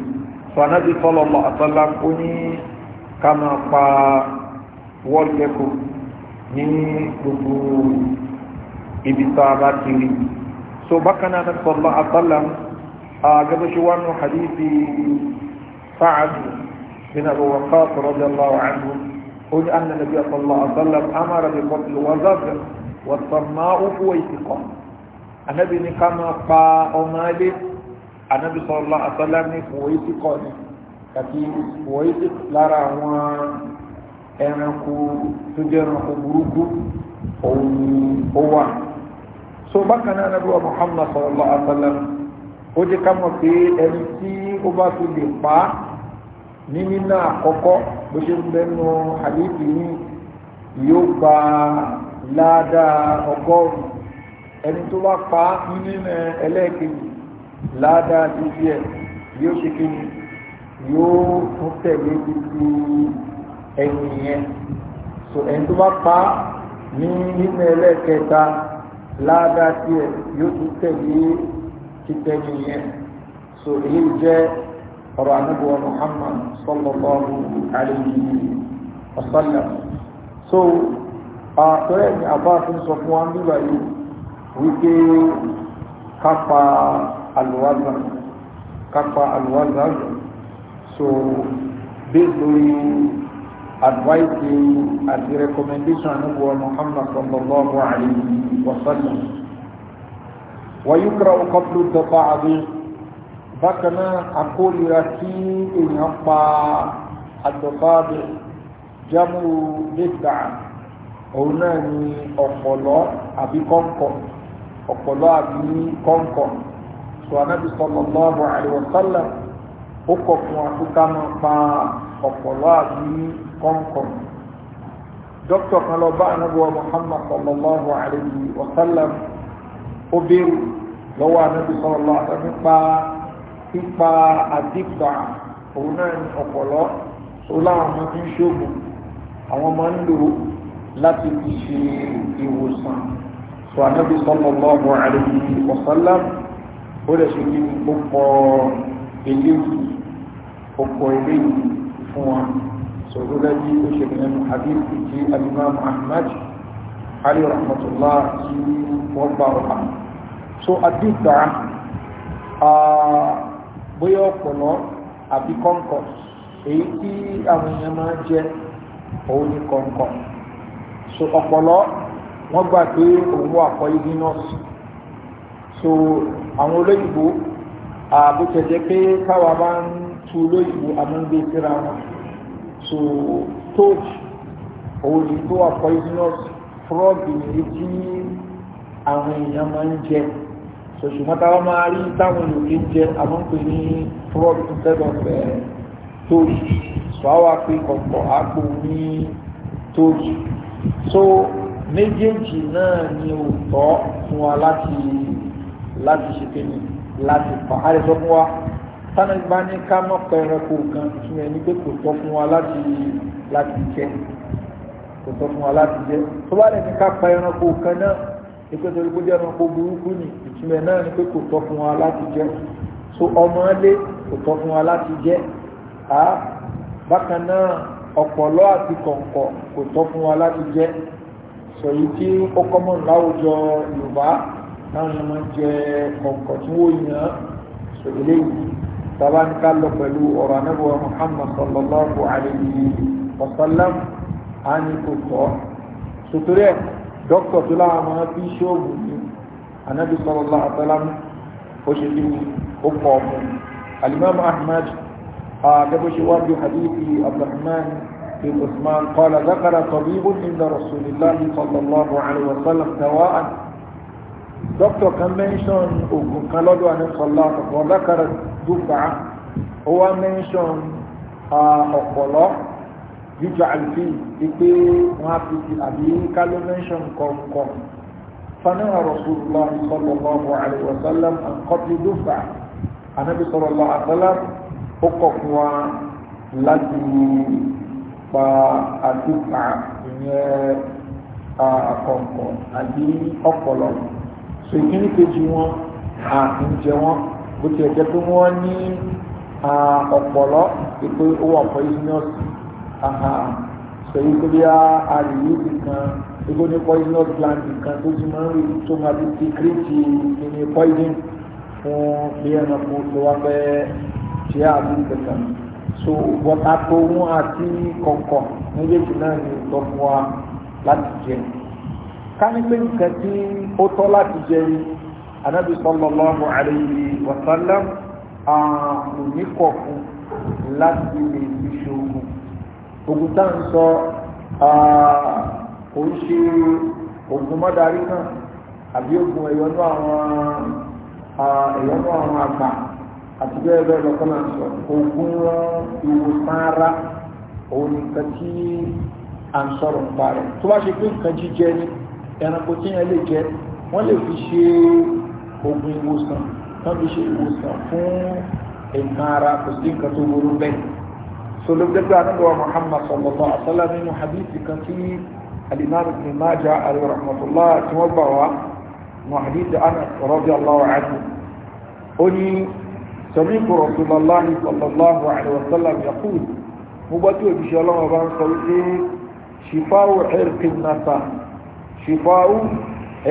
so anábì sallallahu alaihi wasallam kó ní ká máa pa wọ́ọ̀lù kẹ́kọ̀ọ́ ní gbogbo ibi tá a bá kiri so bákan náà anábì sallallahu alaihi wasallam gẹ́gẹ́ wá nù hadithi Sa'ad bin Abu Waqqas radiyallahu anhu قل أن النبي صلى الله عليه وسلم أمر بقتل وزفر والصماء ويتقى النبي كما قا أمالي النبي صلى الله عليه وسلم ويتقى kàti wọ́yí lára àwọn ẹranko tó jẹ́ ẹranko burúkú òun ó wà so bákan náà nàbí wa Muhammad sallallahu alaihi wa sallam ó jẹ́ ká mọ̀ pé ẹni tí ó bá fi lè pa á ní nínà àkọ́kọ́ bó ṣe ń bẹnu àléébì ní yóò gba ládàá ọgọ́rùn-ún ẹni tó bá pa nínú ẹlẹ́ẹ̀kejì ládàá ti ẹ̀ yóò ṣe kéde yóò tún tẹ̀lé títí ẹni yẹn so ẹni tó bá pa ní nínú ẹlẹ́ẹ̀kẹta ládàá ti ẹ̀ yóò tún tẹ̀lé títẹ̀lé yẹn so èyí jẹ́ ọ̀rọ̀ anábọ̀ Muhammad sallallahu alayhi wa sallam so àtọ́rẹ́ ni àbá fi ń sọ fún wa nígbà yìí wípé so based lórí advice àti recommendation anábọ̀ Muhammad sallallahu alayhi wa sallam wa yukra qablu dọ́fà bákan náà akórira kí èèyàn pa àdọ̀bábẹ̀ jámúrú lẹ́gbà òun náà ni ọ̀pọ̀lọ́ àbí kọ́ńkọ̀ ọ̀pọ̀lọ́ àbí kọ́ńkọ̀ sọ anábì sallallahu alaihi wa sallam ó kọ̀ fún akúkà máa pa ọ̀pọ̀lọ́ àbí kọ́ńkọ̀ dókítà kan lọ bá anábì wa Muhammad sallallahu alaihi wa ó béèrè lọ́wọ́ anábì sallallahu alaihi wa pípa àdìgbà òun náà ní ọ̀pọ̀lọ́ tó láwọn ọmọ fi ń ṣògùn àwọn máa ń lò láti fi ṣe ìwòsàn tó ànábi sallallahu alaihi wasallam ó lè ṣe kí ó kọ eléyìí ó kọ eléyìí fún wa sọ̀rọ̀ lẹ́yìn ó ṣe nínú hadith ti alimam ahmad ali rahmatullah tí wọ́n gbà wà so àdìgbà bóyá ọ̀pọ̀lọ́ àbí kọ́ńkọ̀ èyí tí àwọn èèyàn máa ń jẹ òun ni kọ̀ǹkọ̀ so ọ̀pọ̀lọ́ wọ́n gbà pé òun wà kọ́ igi nọ́ọ̀sì so àwọn olóyìnbó àbútẹ̀jẹ́ pé káwa bá ń tu olóyìnbó amúgbé síra wọn so tóòjì òun ni tó wà kọ́ igi nọ́ọ̀sì fúrọ́ọ̀gì èyí tí àwọn èèyàn máa ń jẹ ṣùgbọ́n táwọn máa rí táwọn olùkí jẹ àmọ́pẹ́ ní fraud tẹ́lọ̀fẹ́ tóòjì ṣọ́wà pé kọ̀pọ̀ àpò ní tóòjì so méjèèjì náà ni ò tọ́ fún wa láti láti ṣe kéde láti pa àrẹ sọ fún wa tánà bá ní ká mọ̀ pẹ̀rẹ̀ kó kan tún ẹni pé kò tọ́ fún wa láti láti jẹ kò tọ́ fún wa láti jẹ tó bá lẹ́ni ká pa ẹranko kan náà ìpèsè olùkójẹ́ ẹranko burúkú nìyí tìmẹ̀ náà ni pé kò tọ́ fún wa láti jẹ́ so ọmọ lé kò tọ́ fún wa láti jẹ́ a bákan náà ọ̀pọ̀lọ́ àti kọ̀ǹkọ̀ kò tọ́ fún wa láti jẹ́ sọ yìí tí ó kọ́mọ̀ láwùjọ yorùbá táwọn ọmọ jẹ kọ̀ǹkọ̀ tí wọ́n yàn sọ eléyìí tàbá ní ká lọ pẹ̀lú ọ̀rọ̀ anábọ̀ muhammad sallallahu alayhi wa sallam á ní kò tọ́ sotori ẹ̀ dókítà tó láwọn máa fi ṣóògùn ní anábì sallallahu alaihi wasallam ó ṣe bí ó kọ̀ ọmọ alimami ahmad gẹ́gẹ́ ṣe wájú hadithi abdulrahman bin usman qala zakara tabibun inda rasulillahi sallallahu alaihi wasallam dawa'an doctor kan mention oògùn kan lọ́dọ̀ anábì sallallahu alaihi wasallam zakara dùkà ó wá mention ọ̀pọ̀lọ́ yíjọ àlùfíì wípé wọ́n á fi àbí kálọ́ mention kọ̀ọ̀kan فنهى رسول الله صلى الله عليه وسلم عن قتل دفع النبي صلى الله عليه وسلم أقفوا لدي فأدفع àkọ̀ǹkọ̀ àbí ọ̀pọ̀lọ̀ so ìkíní kejì wọn à ń jẹ wọn bó ti ẹ̀jẹ̀ pé wọ́n ní ọ̀pọ̀lọ̀ pé ó wà poisonous so yìí kó bí a rí yìí kan igbó ní poisonous gland nǹkan tó ti máa ń rí tó máa fi ti kírìtì ìní poison fún bí ẹranko tó wá fẹ́ ṣe àbúrò kankan so bọ́tà tó wọ́n àti kọ̀ọ̀kan méjèèjì náà ní ìtọ́ fún wa láti jẹ ká nǹkan tí ó tọ́ láti jẹ ni anabi sallallahu alayhi wa sallam àmùníkọ̀ fún láti lè fi ṣe ogun ogun sọ kò ń ṣe ogun mọ́darí kan àbí ogun ẹ̀yọ́nú àwọn ẹ̀yọ́nú àwọn àgbà àti bẹ́ẹ̀ bẹ́ẹ̀ lọ́kọ́ náà sọ ogun ìwòsàn ara òun nìkan tí à ń sọ̀rọ̀ nípa rẹ̀ tó bá ṣe pé nǹkan jíjẹ ni ẹranko tí yẹn lè jẹ wọ́n lè fi ṣe ogun ìwòsàn tán fi ṣe ìwòsàn fún nǹkan ara kò sí nǹkan tó burú bẹ́ẹ̀ sọlọ́gbẹ́gbẹ́ anábọ̀ Muhammad sallallahu alaihi wa sallam nínú hadithi kan tí alimami ibn majah alayhi rahmatullah tí wọ́n gbà wá muhammad anas radiyallahu anhu ó ní sami'tu rasulallahi sallallahu alayhi wa sallam yaqul mo gbọ́ tí òjíṣẹ́ ọlọ́wọ́ bá ń sọ wípé ṣìfáwù ẹ̀rìkì nàta ṣìfáwù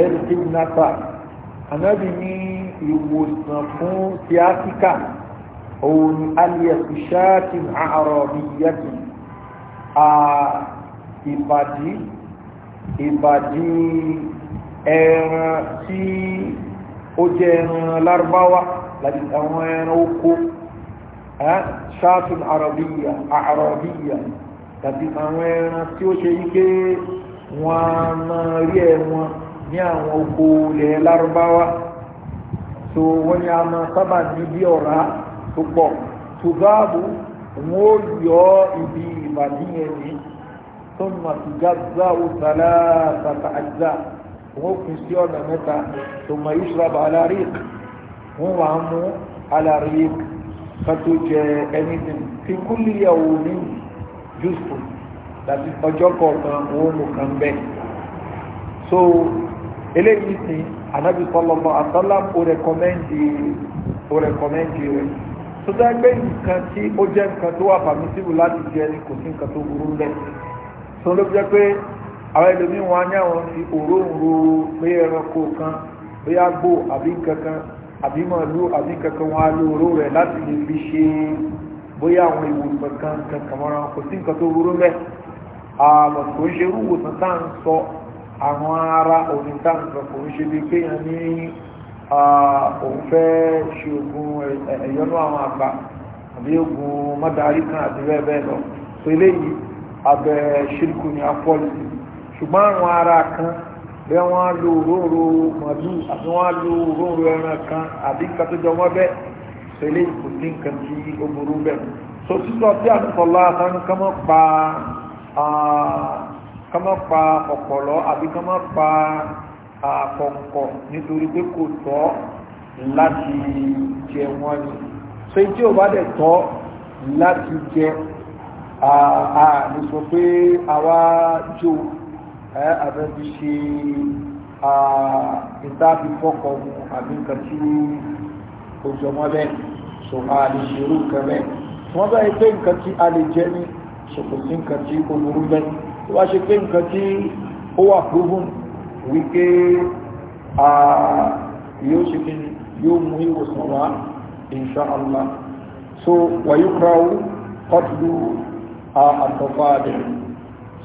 ẹ̀rìkì nàta anábì ní ìwòsàn fún tíátíkà òun ni aliyasu ṣáàtì àárọ̀ mi yẹ́tì ìbàdí ìbàdí ẹran tí ó jẹ ẹran lárúbáwá láti àwọn ẹran oko ṣáàtún arabiya tàbí àwọn ẹran tí ó ṣe yíké wọn na máa rí ẹwọn ní àwọn oko ilẹ̀ lárúbáwá tó wọ́n ni a ma sábà ní bí ọ̀rá tó pọ̀ tó báàbò wọ́n ó yọ ibi ìbàdí yẹn ثم تجزأ ثلاثة أجزاء وفي سيونا متى ثم يشرب على ريق هو عمو على ريق فتجي في كل يوم جزء láti ọjọ́ kọ̀ọ̀kan owó mú kan bẹ́ẹ̀. so eléyìí sí anábì sọlọmọ àtọ́lá ó rẹkọmẹ́ndì ó rẹkọmẹ́ndì rẹ̀ tó dágbé nǹkan tí ó jẹ́ nǹkan tó wà pàmísìlù láti jẹ ní kò sí nǹkan tó burú bẹ́ẹ̀ tó ló jẹ́ pé àwọn ẹlòmí wọn ní àwọn fi òróǹro pé ẹranko kan pé àgbò àbí kankan àbí màálù àbí kankan wọn á lo òró rẹ̀ láti lè fi ṣe bóyá àwọn ìwòsàn kan kankan mọ́ra kò sí nǹkan tó burú mẹ́ àmọ̀ kò ń ṣe rúwòsàn tá à ń sọ àwọn ará òní tá à ń sọ kò ń ṣe bí kéèyàn ní òun fẹ́ ṣe oògùn ẹ̀yọ́nú àwọn àgbà àbí oògùn mọ́dárí kan àti bẹ́ẹ̀ bẹ́ẹ̀ lọ so eléyìí abẹ́ ṣírkù ní apọ́lù ṣùgbọ́n àwọn ara kan bẹ́ wọ́n lo òróró màálù àti wọ́n lo òróró ẹran kan àbí kàtọ́jọ́ wọ́n bẹ́ sẹ́lẹ̀ kò sí nǹkan tí ó burú bẹ́ so sísọ tí àtúntọ̀lá àtàní kọ́mọ́ pa kọ́mọ́ pa ọ̀pọ̀lọ́ àbí kọ́mọ́ pa àkọ̀kọ̀ nítorí pé kò tọ́ láti jẹ wọ́n ni so ìjì ò bá dẹ̀ tọ́ láti jẹ wọ́n ààrẹ sọ pé àwa jò àbẹ́bí ṣe ìtàbí fọ́kọ̀ ohun àbí nǹkan tí ó jọ mọ́ bẹ́ẹ̀ so ààrẹ ṣe irú nǹkan bẹ́ẹ̀ wọ́n bá yẹ pé nǹkan tí a lè jẹ́ ní ṣòkò sí nǹkan tí ó burú bẹ́ẹ̀ tó wá ṣe pé nǹkan tí ó wà proven wípé yóò ṣe kí yóò mú ìwòsàn wá insha Allah so wàyúkra ó kọ́tùlù a àtọ̀fáàdẹ̀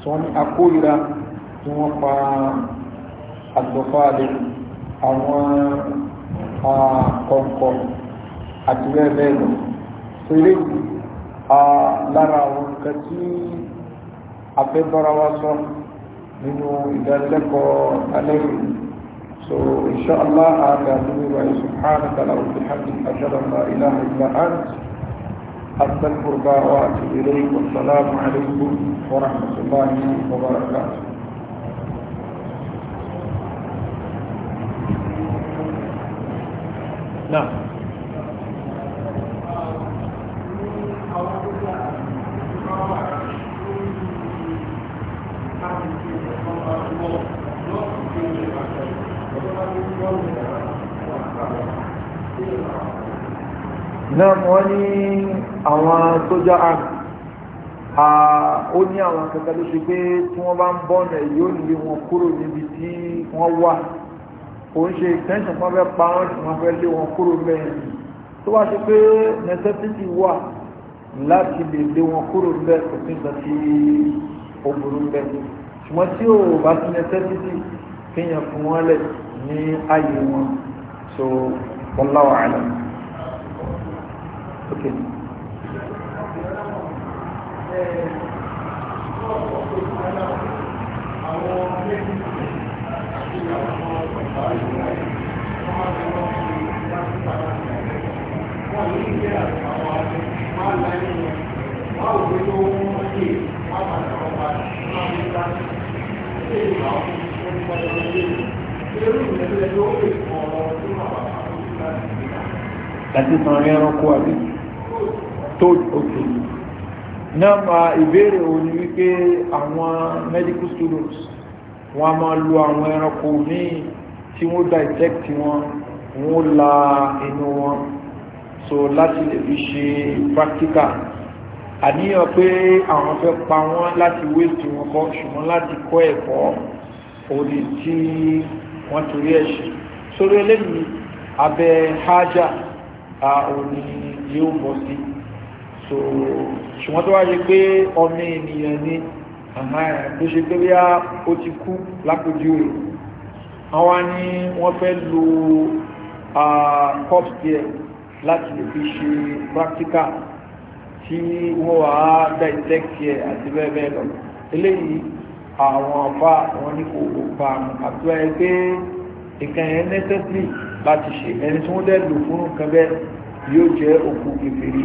tí wọ́n ní akóríra tí wọ́n pa àtọ̀fáàdẹ̀ àwọn kọ̀ǹkọ̀ àti bẹ́ẹ̀ lọ so ilé lára àwọn nǹkan tí afẹ́bọ́ra wa sọ nínú ìdánilẹ́kọ̀ọ́ alẹ́ yìí So inshallah, I will do it. Subhanaka, la ilaha illa anta. أستغفر الله وأتوب إليه والسلام عليكم ورحمة الله وبركاته نعم نعم ولي àwọn sójà àmì ó ní àwọn akẹ́kẹ́ ló ṣe pé tí wọ́n bá ń bọ́nà yóò lè wọn kúrò níbi tí wọ́n wà kò ń ṣe ìtẹ́ǹṣẹ̀ fún abẹ́ pa wọ́n ṣùgbọ́n fẹ́ lé wọn kúrò mẹ́rin tó wá ṣe pé necessity wà láti lè lé wọn kúrò bẹ́ẹ̀ kò sí nǹkan tí ó burú bẹ́ẹ̀ ṣùgbọ́n tí ò bá sí necessity kéèyàn fún wọn okay láti san ẹranko àbí tó òkè náà ma ìbéèrè o ní wípé àwọn medical students wọ́n a máa lo àwọn ẹranko ní tí wọ́n dissect wọn wọ́n la inú wọn so láti lè fi ṣe practical àníyàn pé àwọn fẹ́ pa wọ́n láti wéètì wọn kọ́ ṣùgbọ́n láti kọ́ ẹ̀kọ́ òdì tí wọ́n torí ẹ̀ ṣe sórí eléyìí abẹ́ hájà òní yóò bọ́ sí i so ṣùgbọ́n tó wáyé pé ọmọ ènìyàn ni tó ṣe pé bíá ó ti kú lápòjú rẹ̀ àwọn ni wọ́n fẹ́ lo corpse there láti lè fi ṣe practical tí wọ́n wà á dissect ẹ̀ àti bẹ́ẹ̀ bẹ́ẹ̀ lọ eléyìí àwọn ọba wọn ní kò bá àti wáyé pé nǹkan yẹn necessary láti ṣe ẹni tí wọ́n dẹ̀ lò fún nǹkan bẹ́ẹ̀ yóò jẹ́ òkú kékeré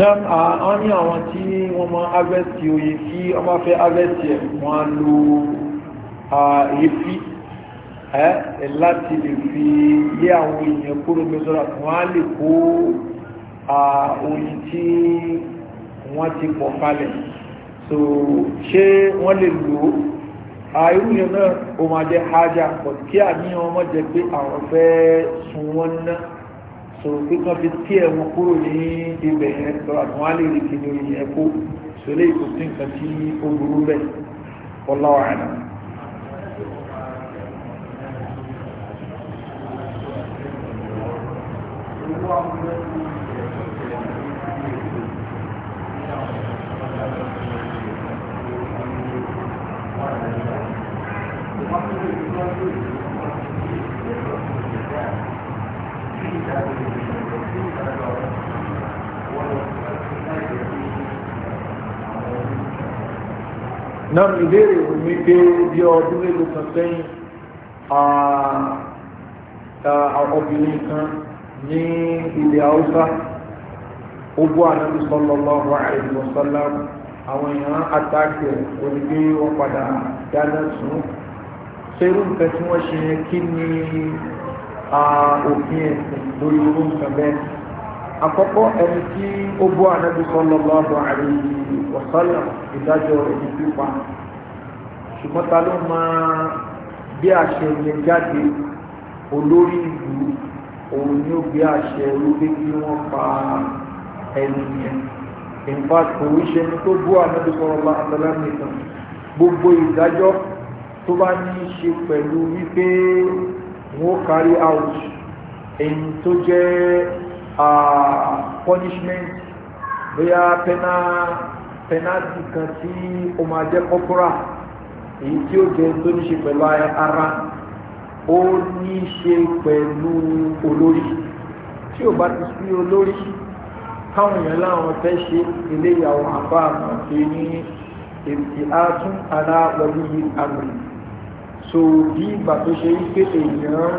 wọ́n ní àwọn tí wọ́n máa harvest oyè kí wọ́n máa fẹ́ harvest ẹ̀ wọ́n á lo èéfì láti lè fi lé àwọn èèyàn kúrò lọ́sọ́rọ̀ wọ́n á lè kó oyè tí wọ́n ti pọ̀ kalẹ̀ so ṣé wọ́n lè lò ó àìrú yẹn náà ó máa jẹ́ hájà pọ̀ kí àníyàn ọmọ jẹ pé àwọn fẹ́ sun wọ́n náà so pípọ́ fi tí ẹ̀wọ̀n kúrò ní ibẹ̀ yẹn lọ àwọn alèrè kìíní orí ẹ̀kọ́ so lè kò sí nǹkan tí ó burú bẹ́ẹ̀ wallahu a'lam. Thank you. náà ìbéèrè mi pé bí ọdún mélòó kan sẹ́yìn obìnrin kan ní ilẹ̀ haúsá ó bú ànábì sallallahu alaihi wasallam àwọn èèyàn àtàkì onígbé wọn padà dáná sùn ṣerú nǹkan wọ́n ṣe kí ni àkọ́kọ́ ẹni tí ó bọ́ ànábì sallallahu alaihi wa sallam ìdájọ́ rẹ̀ ní pípa ṣùgbọ́n ta ló máa bí àṣẹ yẹn jáde olórí ìlú òun ni ó bí àṣẹ olóde kí wọ́n pa ẹni yẹn in fact òun ṣe ni tó bọ́ ànábì sallallahu alaihi nìkan gbogbo ìdájọ́ tó bá ní í ṣe pẹ̀lú wípé wọ́n carry out èyí tó jẹ́ punishment bóyá penalty kan tí ó máa jẹ́ corporal èyí tí ó jẹ́ tó ní ṣe pẹ̀lú ara ó ní ṣe pẹ̀lú olórí tí ò bá ti sí olórí káwọn èèyàn láwọn fẹ́ ṣe iléyàwó àbá àwọn ṣe ní èsì àtún ara wọlé yìí àgbè so bí ìgbà tó ṣe wípé èèyàn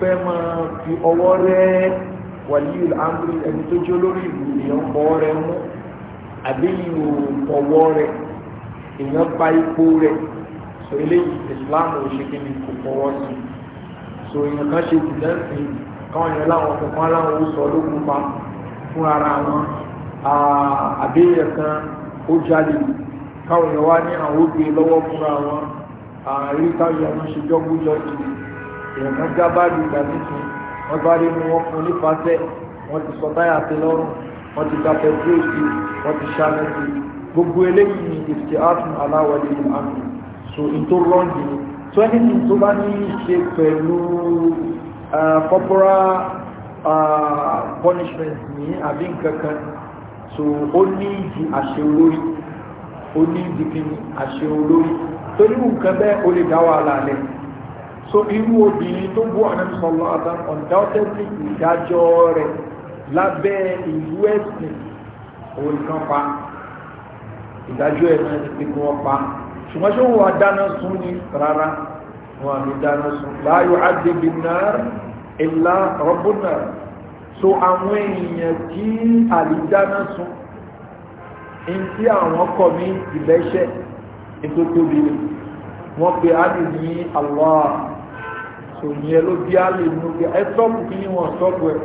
fẹ́ máa fi ọwọ́ rẹ́ẹ́ wàlíù àmúrí ẹni tó jẹ́ olórí ìlú èèyàn kọ́ rẹ mú àbíyù ọwọ́ rẹ èèyàn bá ipò rẹ so eléyìí islam ò ṣe kíni kò fọwọ́ sí so èèyàn kan ṣe kù lẹ́sìn káwọn èèyàn láwọn kankan láwọn ó sọ lókun pa fún ara wọn àbíyẹ kan ó jalè káwọn èèyàn wá ní àwọn òbí lọ́wọ́ fúnra wọn àárí káwọn èèyàn ṣe jọ́gbó jọ́jú èèyàn kan jábàlù ìgbà nítorí wọ́n bá rí mú wọn fún nípasẹ̀ wọ́n ti sọ táyà sí lọ́rùn wọ́n ti gba pẹ̀tíròsì wọ́n ti ṣàlẹ́sì gbogbo eléyìí ni ìfìkì àtún aláwọ̀lé ìlú àmì so in tó rọ́ǹdì ni so anything tó bá ní í ṣe pẹ̀lú uh, corporal uh, punishment ní àbí nǹkan kan so ó ní ìdí àṣẹ olórí ó ní ìdí kí ni àṣẹ olórí torí nǹkan bẹ́ẹ̀ ó lè dá wàhálà lẹ́yìn so irú obìnrin tó bú ànábì sallallahu alaihi wasallam undoubtedly ìdájọ́ rẹ̀ lábẹ́ ìlú ẹ̀sìn òun kan pa ìdájọ́ ẹ̀ náà ti pé kí wọ́n pa ṣùgbọ́n ṣé wọ́n wá dáná sun ni rárá wọn àmì dáná sun la yu'adhibu an-nar illa rabbun so àwọn èèyàn tí àlìdáná sun in tí àwọn kọ̀ ní ìbẹ́ṣẹ̀ ètò tóbi wọ́n pe á ní Allah so ìyẹn ló bí a lè mú bí ẹ tọ́pù kí ni wọ́n tọ́pù ẹ̀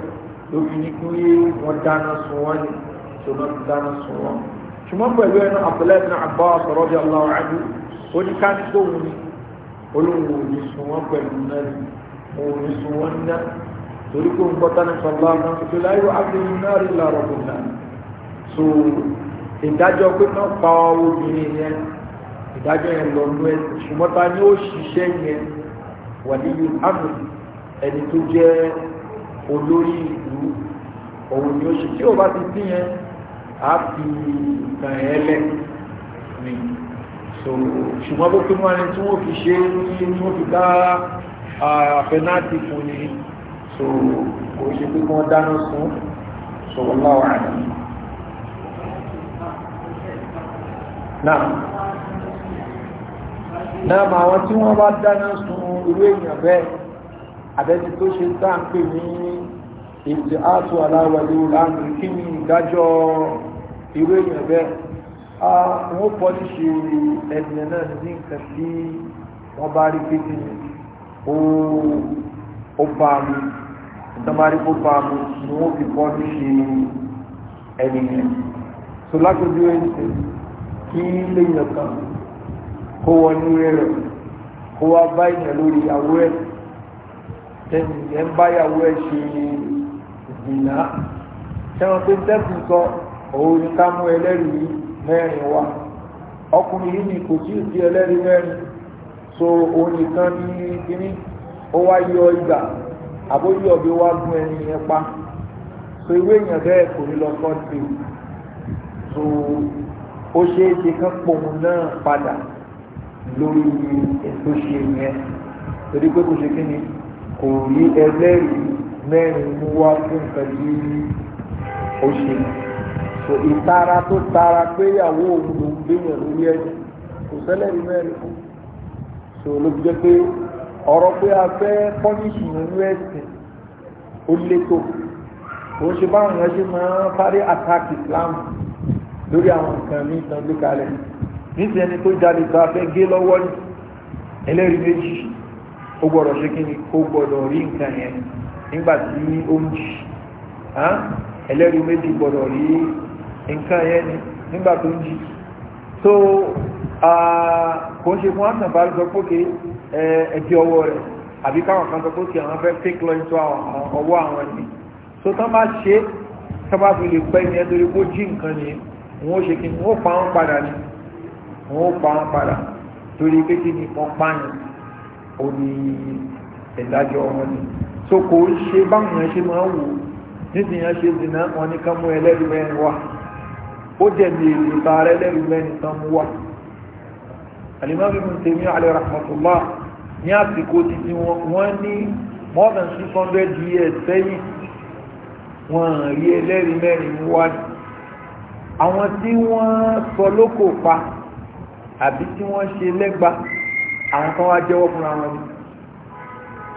lóbi ní kí wọ́n dáná sun wọ́n ni tó dáná sun wọ́n. ṣùgbọ́n pẹ̀lú ẹnu Abdullahi bin Abbas radiyallahu anhu ó ní ká ní tóun ni olóhùn ò ní sun wọ́n pẹ̀lú náà ni òun ní sun wọ́n ná torí kó ń gbọ́ tánà sọ̀lá náà tó láyé abdul náà rí làrọ̀ bùn náà so ìdájọ́ pé náà pa obìnrin yẹn ìdájọ́ yẹn lọ́nú ẹ̀ ṣùgbọ́n ta ni ó ṣiṣẹ́ yẹn wàlíyù amù ẹni tó jẹ́ olórí ìlú òun ni ó ṣe tí ó bá ti sí yẹn á fi nǹkan ẹ̀ lẹ̀ ni ṣùgbọ́n bó kí wọ́n ní tí wọ́n fi ṣe ní tí wọ́n fi dá àfẹnáàtì fún ni kò ṣe pé wọ́n dáná sun so wọ́n láwàá náà náà mà àwọn tí wọ́n bá dáná sun irú èèyàn bẹ́ẹ̀ àbẹ́ni tó ṣe táǹpì ní ètò àtò aláwọ̀lú láàrin kí ni ìdájọ́ irú èèyàn bẹ́ẹ̀ wọ́n pọ̀ ní ṣe ẹ̀dìnẹ̀ náà ní nǹkan tí wọ́n bá rí pé ní ó bá mi ìtàbárí kó bá mi ni wọ́n fi pọ̀ ní ṣe ẹ̀dìnẹ̀ so lákòójú ẹ̀ kí lè yàn kan kó wọnú rẹ̀ kó wá bá ìyẹn lórí ìyàwó ẹ̀ tẹ̀yìn yẹn bá ìyàwó ẹ̀ ṣe ìdìnnà ṣẹ́wọ́n pé tẹ́kùn sọ òun ni ká mú ẹlẹ́rìí mẹ́rin wá ọkùnrin yìí ni kò tí ì sí ẹlẹ́rìí so òun nìkan ní kíní ó wá yọ ìgbà àbójú ọ̀bẹ wá gún ẹni yẹn pa so ìwé èèyàn bẹ́ẹ̀ kò ní lọ sọ́ọ̀tì so ó ṣeé ṣe kán pòun náà padà lórí ètò ṣe yẹn torí pé kò ṣe kí ni kò rí ẹlẹ́rìí mẹ́rin mú wá fún nǹkan tí ó ṣe so ìtara tó tara pé ìyàwó òun ló ń gbéyàn lórí ẹni kò sẹ́lẹ̀rí mẹ́rin fún so ló fi jẹ́ pé ọ̀rọ̀ pé a fẹ́ pọ́nìṣì nínú ẹ̀sìn ó létò ó ṣe báwọn ẹ̀ṣẹ̀ máa ń parí attack Islam lórí àwọn nǹkan mi tán gbé kalẹ̀ nítorí ẹni tó jáde tó a fẹ́ gé lọ́wọ́ ní ẹlẹ́rìí méjì ó gbọ́dọ̀ ṣe kí ni ó gbọ́dọ̀ rí nǹkan yẹn nígbà ó ń jì ẹlẹ́rìí méjì gbọ́dọ̀ rí nǹkan yẹn ni nígbà tó ń jì so kò ń ṣe fún àtàn bá sọ pókè ẹ̀dí ọwọ́ rẹ̀ àbí káwọn kan sọ pókè àwọn fẹ́ fake lọ into ọwọ́ àwọn ẹni so tán bá ṣe tán bá fi lè pẹ́ ní ẹ́ torí kó jí nǹkan ni wọ́n ṣe kí wọ́n pa wọn padà ni wọn ó pa wọn padà torí pé kí ni wọn pààyàn ó ní ìdájọ́ wọn ni so kò ń ṣe báwọn ẹ ṣe máa ń wò nísìnyí ẹ ṣe dìnnà wọn ni ká mú ẹlẹ́rìí mẹ́rin wá ó jẹ̀bi èrè ta ara ẹlẹ́rìí mẹ́rin tán mú wá alimami ibn Taymiyyah alayhi rahmatullah ní àsìkò títí wọ́n ní more than six hundred years sẹ́yìn wọ́n rí ẹlẹ́rìí mẹ́rin wá àwọn tí wọ́n sọ lóko pa àbí tí wọ́n ṣe lẹ́gba àwọn kan wá jẹ́wọ́ fúnra wọn ni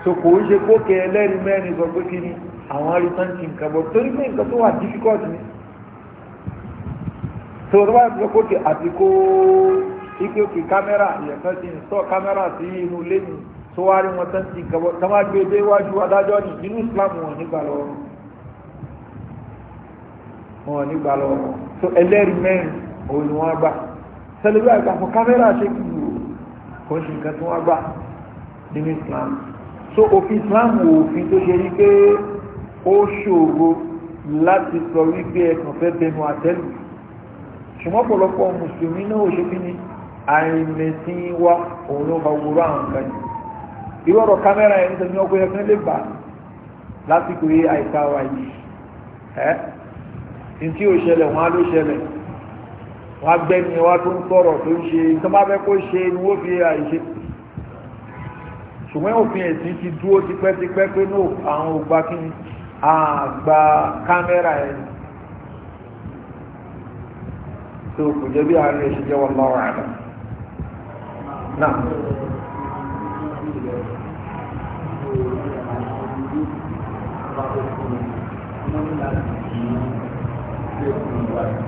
so kò ń ṣe kókè ẹlẹ́rìí mẹ́rin sọ pé kí ni àwọn rí tán ti nǹkan bọ̀ torí pé nǹkan tó wà difficult ni so tó bá sọ kókè àti kó ike òkè kámẹ́rà ìyẹ̀kan ti ń sọ kámẹ́rà sí inú ilé mi tó wá rí wọn tán ti nǹkan bọ̀ tán wá gbé dé iwájú adájọ́ ni nínú Islam wọn nígbà lọ́wọ́ wọn nígbà lọ́wọ́ so ẹlẹ́rìí mẹ́rin òun ni wọ́n gbà tẹlifí àgbà fún kámẹ́rà ṣe kì í wò kò ń ṣe nǹkan tí wọ́n gbà nínú Islam so òfin Islam wo òfin tó ṣe yí pé ó ṣòro láti sọ wípé ẹkàn fẹ́ bẹnu àtẹ́lù ṣùgbọ́n ọ̀pọ̀lọpọ̀ mùsùlùmí náà ò ṣe kí ni àìmẹ̀sí wa òun ló máa wúrọ̀ àwọn kan yìí irú ọ̀rọ̀ kámẹ́rà yẹn nítorí ọgbẹ́ ẹ̀kan lè bà lásìkò yìí àìsàn wa yìí ẹ́ ní tí ò ṣẹlẹ̀ wọn á ló ṣẹlẹ̀ wọ́n agbẹ́ni wá tó ń sọ̀rọ̀ tó ń ṣe tó bá fẹ́ kó ṣe ni wọ́n fi àìṣe ṣùgbọ́n òfin ẹ̀sìn ti dúró tipẹ́tipẹ́ pé ní àwọn ògbà kí ni àgbà kámẹ́rà ẹ̀ tó kò jẹ́ bí àárín ẹ̀ṣin jẹ́ wọn lọ́rọ̀ àdá náà Thank you.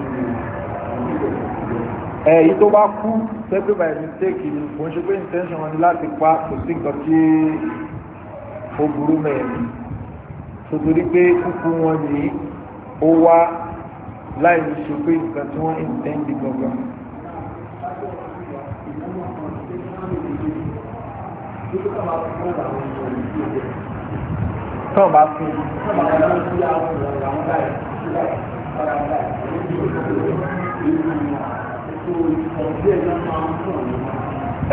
èyí tó bá kú tẹ́gbẹ́ by mistake ni kò ń ṣe pé intention wọn ni láti pa kò sí nǹkan tí ó burú mẹ́rin sotori pé kúkú wọn ni ó wá láì ní ṣe pé nǹkan tí wọ́n intend gangan. tọ́ bá fi Thank you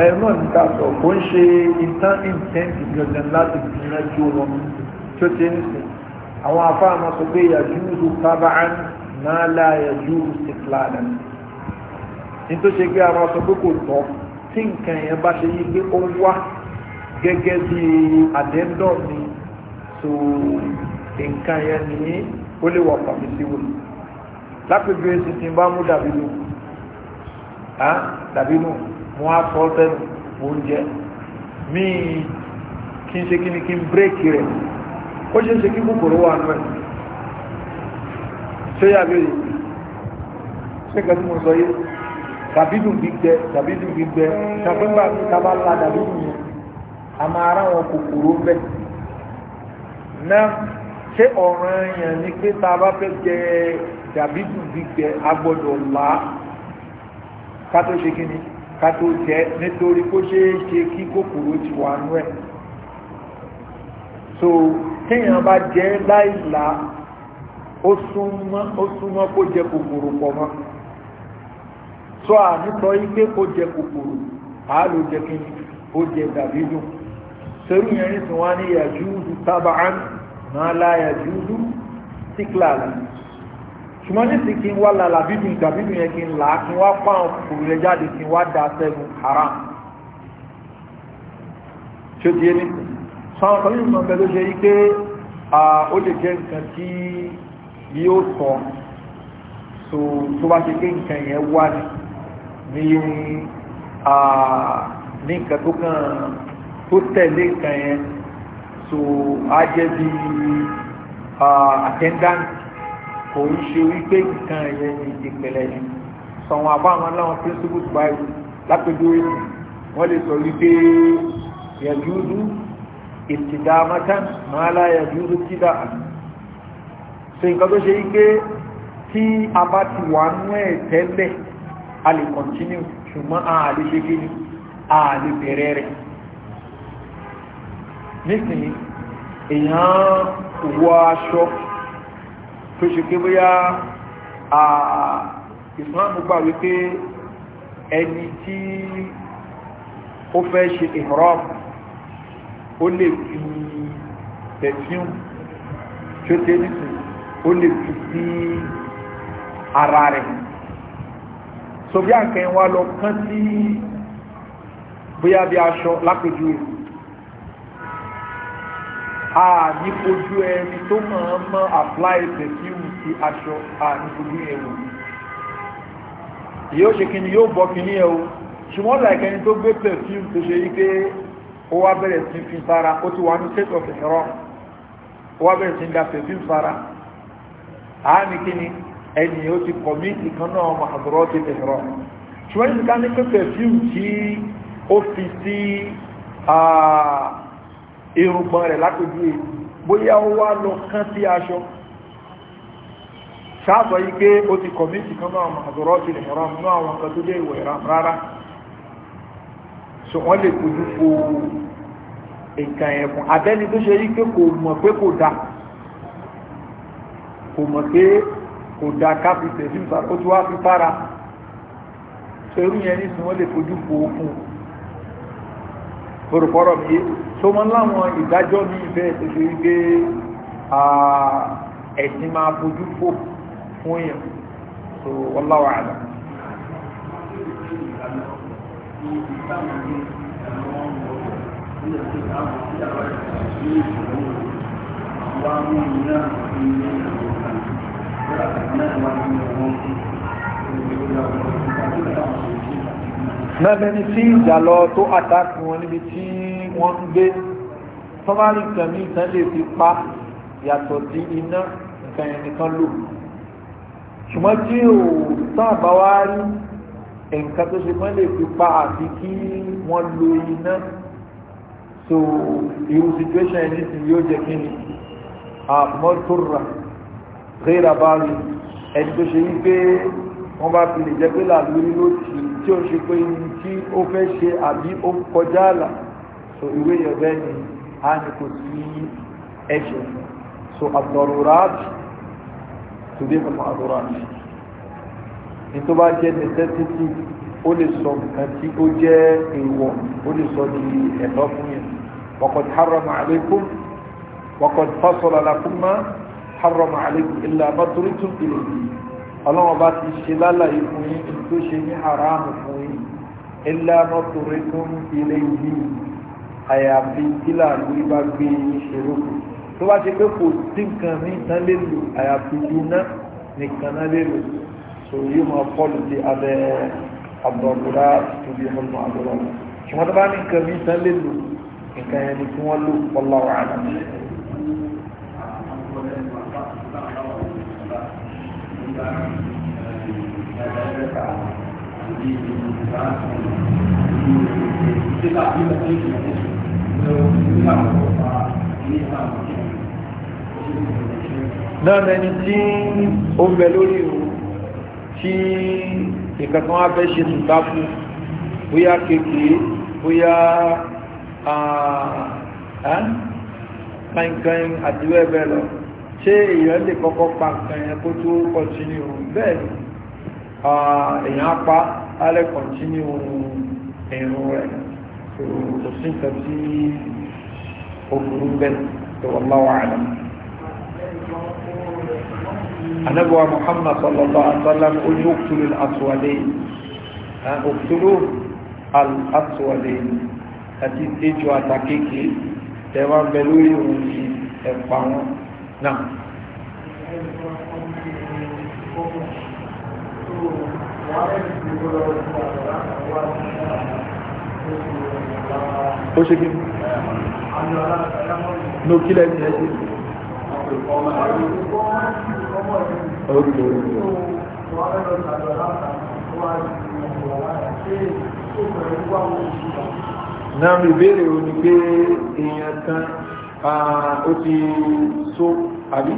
ẹ̀rọ níta sọ kò ń ṣe ìtàn ìtẹ́ǹtì gbọ̀ngàn láti gbìyànjú ju wọn tí ó ti ń sìn àwọn afáàmọ́ sọ pé yàjúùsù tábàán máa láyàjú ìsìnkìláàdà nítorí ṣe pé àwọn sọ pé kò tọ́ tí nǹkan yẹn bá ṣe yí pé ó ń wá gẹ́gẹ́ bí àdéńdọ̀ mi so nǹkan yẹn ní ó lè wà pàmì síwò lápẹ̀bí ẹ̀sìn tí ń bá mú dàbí lóko Ah, tàbí nù mo á fọ́ sẹ́nu oúnjẹ míì kí n ṣe kí ni kí n bírèkì rẹ̀ ó ṣe ń ṣe kí kòkòrò wà nù ẹ̀ ṣé yàgbé yìí ṣé kẹ́tí mo sọ yìí tàbí dùn gbígbẹ tàbí dùn gbígbẹ tàbí gbà mí la tàbí dùn yẹn a máa rá wọn kòkòrò bẹ́ẹ̀ náà ṣé ọ̀ràn yẹn ni pé tá a bá fẹ́ jẹ tàbí dùn gbígbẹ a gbọ́dọ̀ là ká tó ṣe kíni ká tó jẹ nítorí kó ṣeé ṣe kí kòkòrò ti wà nú ẹ̀ so téèyàn bá jẹ láìla ó súnmọ́ kó jẹ kòkòrò pọ̀ mọ́ sọ ànítọ́ ilé kó jẹ kòkòrò àálò jẹ kíni ó jẹ dàbí dùn sẹ́rù yẹn ní tí wọ́n ní yàjúùdù tábàán máa láyàjúùdù síkìlà lẹ́yìn ṣùgbọ́n nísì kí n wá lálà bídùn ìgbà bídùn yẹn kí n là á kí n wá pa àwọn kòkòrò rẹ̀ jáde kí n wá da sẹ́gun haram ṣé ti yé ní sọ́wọ́n kan nínú ọ̀bẹ ló ṣe yí pé ó lè jẹ́ nǹkan tí yóò sọ so tó bá ṣe pé nǹkan yẹn wá ní ní nǹkan tó kàn tó tẹ̀lé nǹkan yẹn so á jẹ́ bí àtẹ́ndáǹtì kò ń ṣe wípé nǹkan ẹ̀yẹ ní ìpìlẹ̀ ni sọ̀wọ́n àbáwọn aláwọn principles báyìí lápẹjúwe wọ́n lè sọ wípé yẹjúdú ìtìdámátán máa lá yẹjúdú kídà so nǹkan tó ṣe wípé tí a bá ti wà nú ẹ̀ tẹ́lẹ̀ a lè continue ṣùgbọ́n a lè ṣe kí ni a lè bẹ̀rẹ̀ rẹ̀ nísìnyí èèyàn wọ aṣọ tó ṣe pé bóyá ìsìláàmù gbà wípé ẹni tí ó fẹ́ ṣe ìhrọ́m ó lè fi perfume sí ara rẹ̀ so bí àkẹ́yìn wa lọ kán sí bóyá bí aṣọ lápèjúwe a ní fojú ẹni tó máa mọ́ apply perfume sí aṣọ a ní fojú yóò ṣe kí ni yóò bọ́ kí ní ẹ̀wò ṣùgbọ́n láìkẹ́ ni tó gbé perfume tó ṣe yí pé ó wá bẹ̀rẹ̀ sí fi sára ó ti wà ní state of ẹ̀rọ ó wá bẹ̀rẹ̀ sí ń da perfume sára a ní kí ni ẹni ó ti commit kan náà ọmọ àbúrò ti ẹ̀rọ ṣùgbọ́n ní ká ní pé perfume tí ó fi sí irùngbọ̀n rẹ̀ lápèjúwe bóyá ó wá lọ kán sí aṣọ sáàsọ yìí pé ó ti kọ̀mítì kan náà àzọ̀rọ̀ ti lè rán nínú àwọn nǹkan tó jẹ́ ìwọ̀ ìran rárá so wọ́n lè kojú fo nǹkan yẹn fún abẹ́ni tó ṣe yìí pé kò mọ̀ pé kò dáa kò mọ̀ pé kò dáa ká fi tẹ̀sí ìfara ó ti wá fi fara so irú yẹn nísìnyí wọ́n lè kojú fo fún un. Fọ̀rọ̀fọ̀rọ̀ mi so mọ́ láwọn ìdájọ́ ní ìfẹ́ tó ṣe wípé ẹ̀sìn máa fojú fò fún èèyàn so wallahu a'lam Mẹ́bẹ̀ni tí ìjà lọ tó àtàkùn wọn níbi tí wọ́n ń gbé tọ́márì kẹ̀mí ìtàn lè fi pa yàtọ̀ sí iná nǹkan yẹn nìkan lò ṣùgbọ́n tí ò sáàbà wá rí nǹkan tó ṣe mọ́ lè fi pa àfi kí wọ́n lo iná so irú situation ẹni sì yóò jẹ́ kí ni àmọ́tòrà rírà bá rí ẹni tó ṣe wípé wọ́n bá fi lè jẹ́ pé làlórí ló tì tí ó ṣe pé ní tí ó fẹ́ ṣe àbí ó kọjá àlà so ìwé yẹn bẹ́ẹ̀ ni a ní kò sí ẹ̀ṣẹ̀ so ad-darurat today for ad-darurat ní tó bá jẹ́ necessity ó lè sọ nǹkan tí ó jẹ́ èèwọ̀ ó lè sọ di ẹ̀tọ́ fún yẹn waqad harrama alaykum waqad fasala lakum ma harrama alaykum illa ma turtum ilayhi ọlọ́wọ́n bá ti ṣe lálàyé fún yín tó ṣe ní haramu fún yín illa ma turtum ilayhi àyàfi kílà lórí bá gbé ṣerúkù tó bá ṣe pé kò sí nǹkan ní tán lè lò àyàfi yúná nìkan náà lè lò so yóò máa fọ́lù sí abẹ́ abdulbura tóbi ọmọ àbúrò ṣùgbọ́n tó bá ní nǹkan ní tán lè lò nǹkan yẹn ni kí wọ́n lò wallahu a'lam. Thank you náà ẹni tí ó bẹ lórí o tí ìkankan wá fẹ́ ṣe tùbá fún bóyá kékeré bóyá kankan àti wẹ́ẹ̀bẹ̀ lọ ṣé èèyàn lè kọ́kọ́ pa nǹkan yẹn kó tó kọ̀tínú bẹ́ẹ̀ ni èèyàn á pa á lè ẹ̀rùn rẹ̀ kò sí nǹkan tí ó burú bẹ́ẹ̀ tó wọ́n láwọ́ àlọ́. anabuwa muhammad sallallahu alaihi wa sallam ó ní òkúlù aswalé òkúlù aswalé àti ìtẹ́jọ àtàkéèké tẹ́wàá bẹ lórí òun ní ẹ̀pà wọn náà. Thank ó ṣe kí ní òkílẹ̀ ní ẹ́ sí náà rí bèèrè o ní pé èèyàn kan ó ti só àbí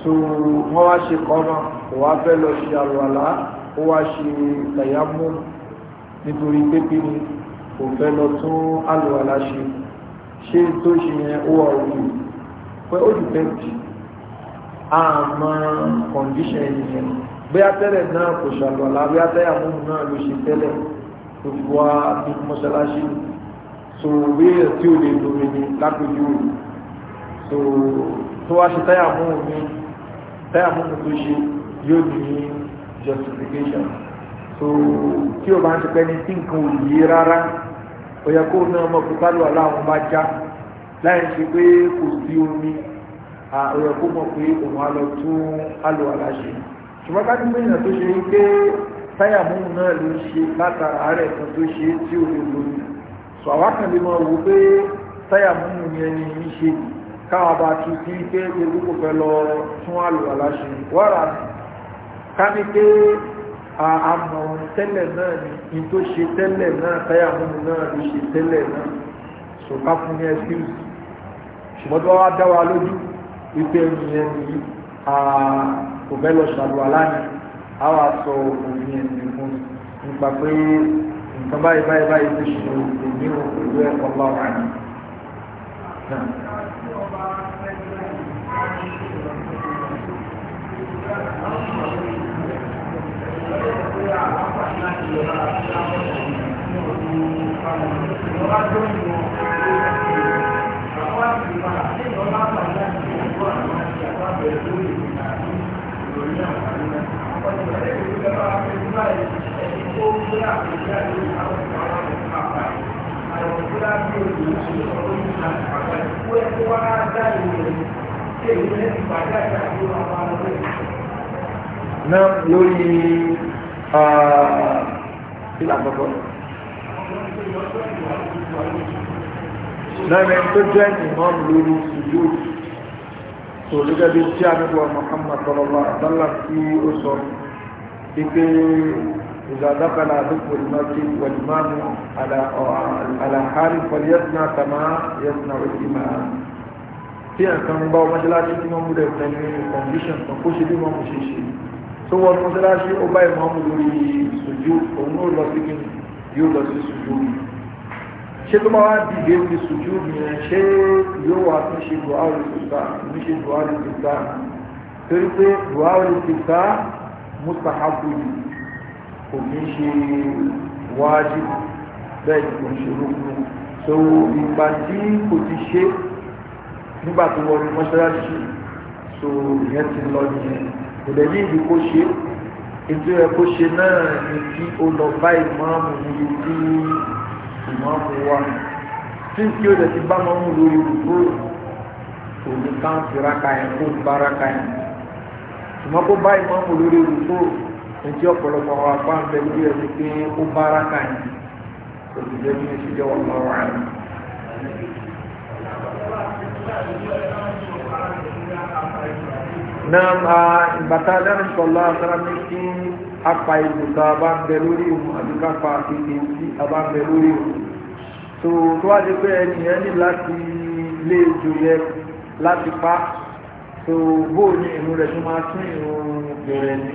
so wọ́n wá ṣe kọ́nà wà fẹ́ lọ ṣe àrùwàlá ó wá ṣe tàyámú nítorí pépé ni kò fẹ́ lọ tún àlùwàlá ṣe ṣé tó ṣe yẹn ó wà òkú pé ó jù fẹ́ jù àmọ́ kọ̀ǹdíṣẹ̀ yẹn bí atẹ́lẹ̀ náà kò ṣàlùwàlá bí atẹ́yà múmu náà ló ṣe tẹ́lẹ̀ tó fi wá ní mọ́ṣáláṣí so bí ẹ̀ tí ò lè lómi ni lápẹjú so tó wá ṣe tẹ́yà múmu mi tẹ́yà múmu tó ṣe yóò ní justification so tí o bá ń tẹpẹ́ ní tí nǹkan ò yé rárá ó yẹ kó ní ọmọ òkúta lù aláwọn bá já láì ṣe pé kò sí omi ó yẹ kó mọ̀ pé òun á lọ tún alò aláṣẹ ṣùgbọ́n ká dúpẹ́ ìyàn tó ṣe é pé táyà múhùn náà ló ṣe látara rẹ̀ kan tó ṣe tí ò lè lórí sọ àwa kan lè máa wò pé táyà múhùn yẹn ni ń ṣe káwọn bá tún sí pé ewu kò fẹ́ lọ tún alò aláṣẹ wàrà ká ní pé àmọ̀ tẹ́lẹ̀ náà ni in tó ṣe tẹ́lẹ̀ náà táyàmúnù náà ló ṣe tẹ́lẹ̀ náà so ká fún ní excuse ṣùgbọ́n tó wá dá lójú wípé ènìyàn a wà sọ òun yẹn ní fún nípa pé nǹkan báyìí báyìí báyìí ti ṣe èmi ò pẹ̀lú ẹ̀kọ́ bá wà ní. Thank you. náà lórí uh, fílà àkọ́kọ́ lẹ́rẹ̀ tó jẹ́ ìmọ̀n lórí ìlú tó lókè bí tí a nígbà Muhammad sọlọ́lá àdálà tí ó sọ pípé ìgbàdákàlà àdúgbò ìmọ̀tí wàlìmánu àlàhárí pọ̀lẹ́sìnà tàmá yẹ́sìnà òsìmá tí ẹ̀kan ń bá ọmọdé láti nínú ọmọdé pẹ̀lú kọ̀ndíṣọ̀n kan kó ṣe bí wọ́n kò ṣe ṣe tó wọ́n tó dáṣí ó bá ìmọ̀mù lórí ìsòjú òun ó lọ sí kí yóò lọ sí ìsòjú mi ṣé tó bá wá dìde ní ìsòjú mi yẹn ṣé yóò wà tó ṣe buhari tìta ní ṣe buhari tìta torí pé buhari tìta mustahabu kò kí ṣe wájú bẹ́ẹ̀ kò ṣe rúkú so ìgbà tí kò ti ṣe nígbà tó wọlé mọ́ṣáláṣí so ìyẹn ti lọ nìyẹn kò dẹ̀ ní ìdí kó ṣe ètò ẹ̀ kó ṣe náà ni kí ó lọ bá ìmáàmù níbi tí ìmáàmù wà tí kí ó dẹ̀ ti bá máa ń lórí olùkó kò ní ká ń fira ka yẹn kó ń bára ka yẹn ṣùgbọ́n kó bá ìmáàmù lórí olùkó ètò ọ̀pọ̀lọpọ̀ àwọn apá ń bẹ lórí ẹ̀ ni pé ó bára ka yẹn kò bí ó ṣe jẹ́ wọ́n lọ́wọ́ àná náà ìbàtà lẹ́nu sọ̀lá sára ní kí apá ìbùta bá ń bẹ lórí òun àdúgbà pa àkíkì tí a bá ń bẹ lórí òun tó tó wá di pé ẹni yẹn ní láti lé ejò yẹ láti pa tó bóò ní ìlú rẹ̀ tó máa tún ìrùn bẹ̀rẹ̀ ni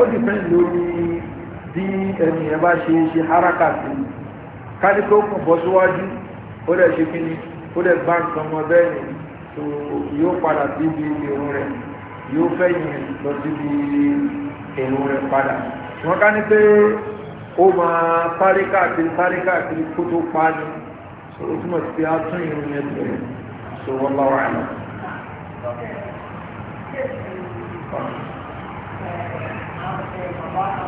ó dìpẹ́ǹd lórí bí ẹni yẹn bá ṣe ṣe hárákàtì káni tó kùn bọ́ síwájú ó dẹ̀ ṣe kí ni ó dẹ̀ gbá nǹkan mọ́ bẹ́ẹ̀ ni tó yóò padà síbi ìrùn rẹ̀ ni yóò fẹ́yìn lọ síbi èrò rẹ̀ padà wọ́n ká ní pé ó máa sáré káàkiri sáré káàkiri kó tó pa ní so sí pé a tún ìrun yẹn bẹ̀rẹ̀ wọ́n bá wà ní. Thank you.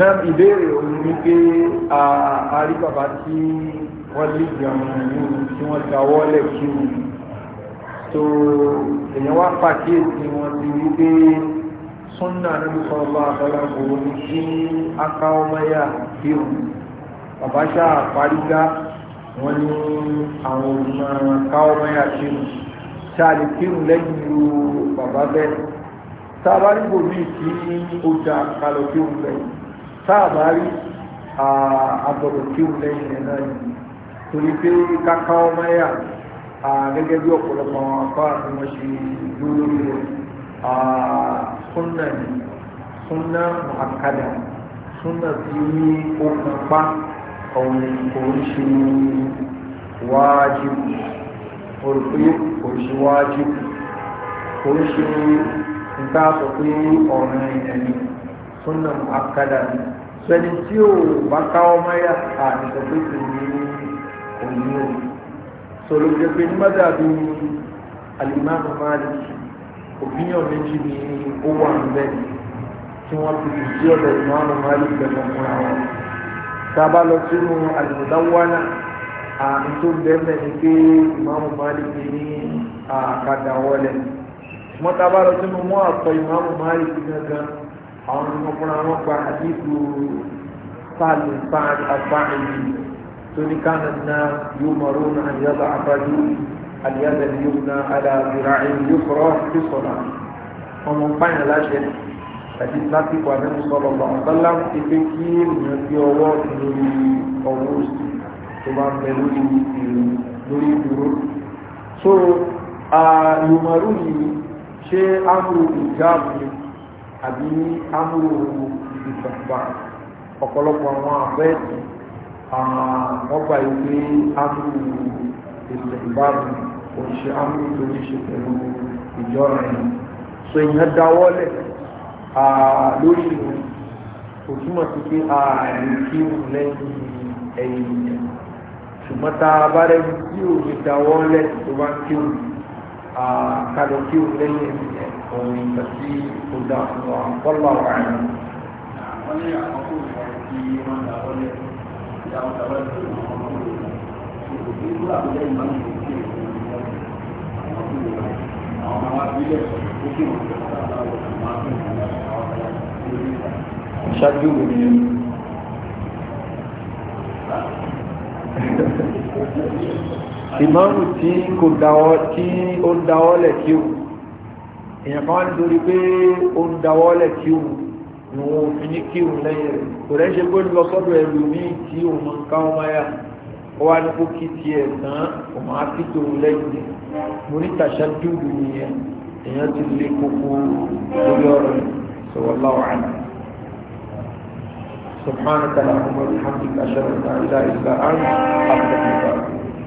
náà ìbéèrè òun ní pé àárí bàbá tí wọ́n lè jẹun ìlú tí wọ́n dáwọ́lẹ̀ kí o tó èèyàn wá pàkíyèsí wọn ti rí pé súnà nínú sọ́ọ́bà àtọ́lá òun ní kí akáwọ́mọ́yà bí o bàbá ṣáà parígá wọ́n ní àwọn olùmọ̀ káwọ́mọ́yà kí o ṣáàlì kí o lẹ́yìn ìlú bàbá bẹ́ẹ̀ tá bòmí kí o dá kalọ̀ kí o bẹ́ẹ̀ sáàbà rí àgbọ̀dọ̀ kí o lẹ́yìn ẹ̀ náà yìí torí pé káká ọmọ ẹ̀yà gẹ́gẹ́ bí ọ̀pọ̀lọpọ̀ àwọn afá àti wọ́n ṣe lórí rẹ̀ súnà ní súnà àkàdà súnà tí ó ní okùn pa ọ̀hún kò wájú orúkú kò wájú kò nǹkan sọ pé ọ̀ràn ẹ̀yìn súnà àkàdà ni sẹni tí ò bá káwọ́ máyà àníkọ̀ pé kò ní òní o sọ̀rọ̀ jẹ́ pé nígbàdà bí alimami Malik opinion méjì ni ó wà níbẹ̀ tí wọ́n fi fi sí ọ̀dọ̀ ìmọ̀ràn Malik pẹ̀lú ọmọ àwọn tábà lọ sínú àlùmọ̀dáwánà àmì tó bẹ́ẹ̀ ni pé ìmọ̀ràn Malik ní àkàdà wọlé mọ́tàbà lọ sínú mọ́ àtọ̀ ìmọ̀ràn Malik gangan àwọn ọmọkùnrin àwọn gba àdínkù sáàlù sáàlù àgbáyé tó ní kánà náà yóò mọ̀rọ̀ náà àdíyàbá àbájú àdíyàbá yóò náà aláàbìrà ẹ̀yìn yóò fọ́rọ́ sí sọ̀rọ̀ ọmọ báyìí láṣẹ àti lásìkò àdéhùn sọ̀rọ̀ bá ọ̀sánlá ti pé kí ènìyàn fi ọwọ́ lórí ọwọ́ òsì tó bá bẹ lórí ìlú lórí ìdúró so àyùmọ̀rú yìí ṣé ámúrò ìjáàbù àbí amúrò ìdìtàgbà ọ̀pọ̀lọpọ̀ àwọn àfẹ́ẹ̀tì wọ́n gbà yìí pé amúrò ìdìtàgbàrù òṣìṣẹ́ amúrò tó ní ṣe pẹ̀lú ìjọra ẹni so ìyẹn dáwọ́lẹ̀ lórí ìlú kò túmọ̀ sí pé ààrẹ kí n lẹ́yìn ẹ̀yìn ìyẹn ṣùgbọ́n tá a bá rẹ̀ tí ò ní dáwọ́lẹ̀ tó bá kí n kálọ̀ kí n lẹ́yìn ẹ̀yìn ìyẹn òun ìgbà tí ó dá fún wa bọ́lá wà ní. wọ́n ní àkókò ìwà tí wọ́n dá wọlé ìyàwó dá wọlé tó wọ́n mọ̀ ní ìlú àbúlé ìmọ̀ ní ìlú tí èkó ní wọ́n ní àwọn tó wọ́n àwọn àwọn abílẹ̀ ó kí wọ́n tẹ̀lé àwọn àwọn àbúlé àwọn àbúlé ṣáájú mi ni. ìmáàmù tí kò dáwọ́ tí ó dáwọ́ lẹ̀ kí o èèyàn kan wá ní torí pé ó ń dawọ́lẹ̀ kí òun ni wọn fi ní kí òun lẹ́yìn rẹ̀ kò rẹ́ ṣe pé lọ sọ́dọ̀ ẹ̀rù míì tí òun máa ń ká ọmọ yá ó wá ní kó kí tiẹ̀ tán kò máa kí tòun lẹ́yìn rẹ̀ mo ní tàṣà dúdú nìyẹn èèyàn ti lé koko lórí ọ̀rọ̀ rẹ̀ sọ̀rọ̀ láwọ̀ àná. سبحانك اللهم وبحمدك اشهد ان لا اله الا انت استغفرك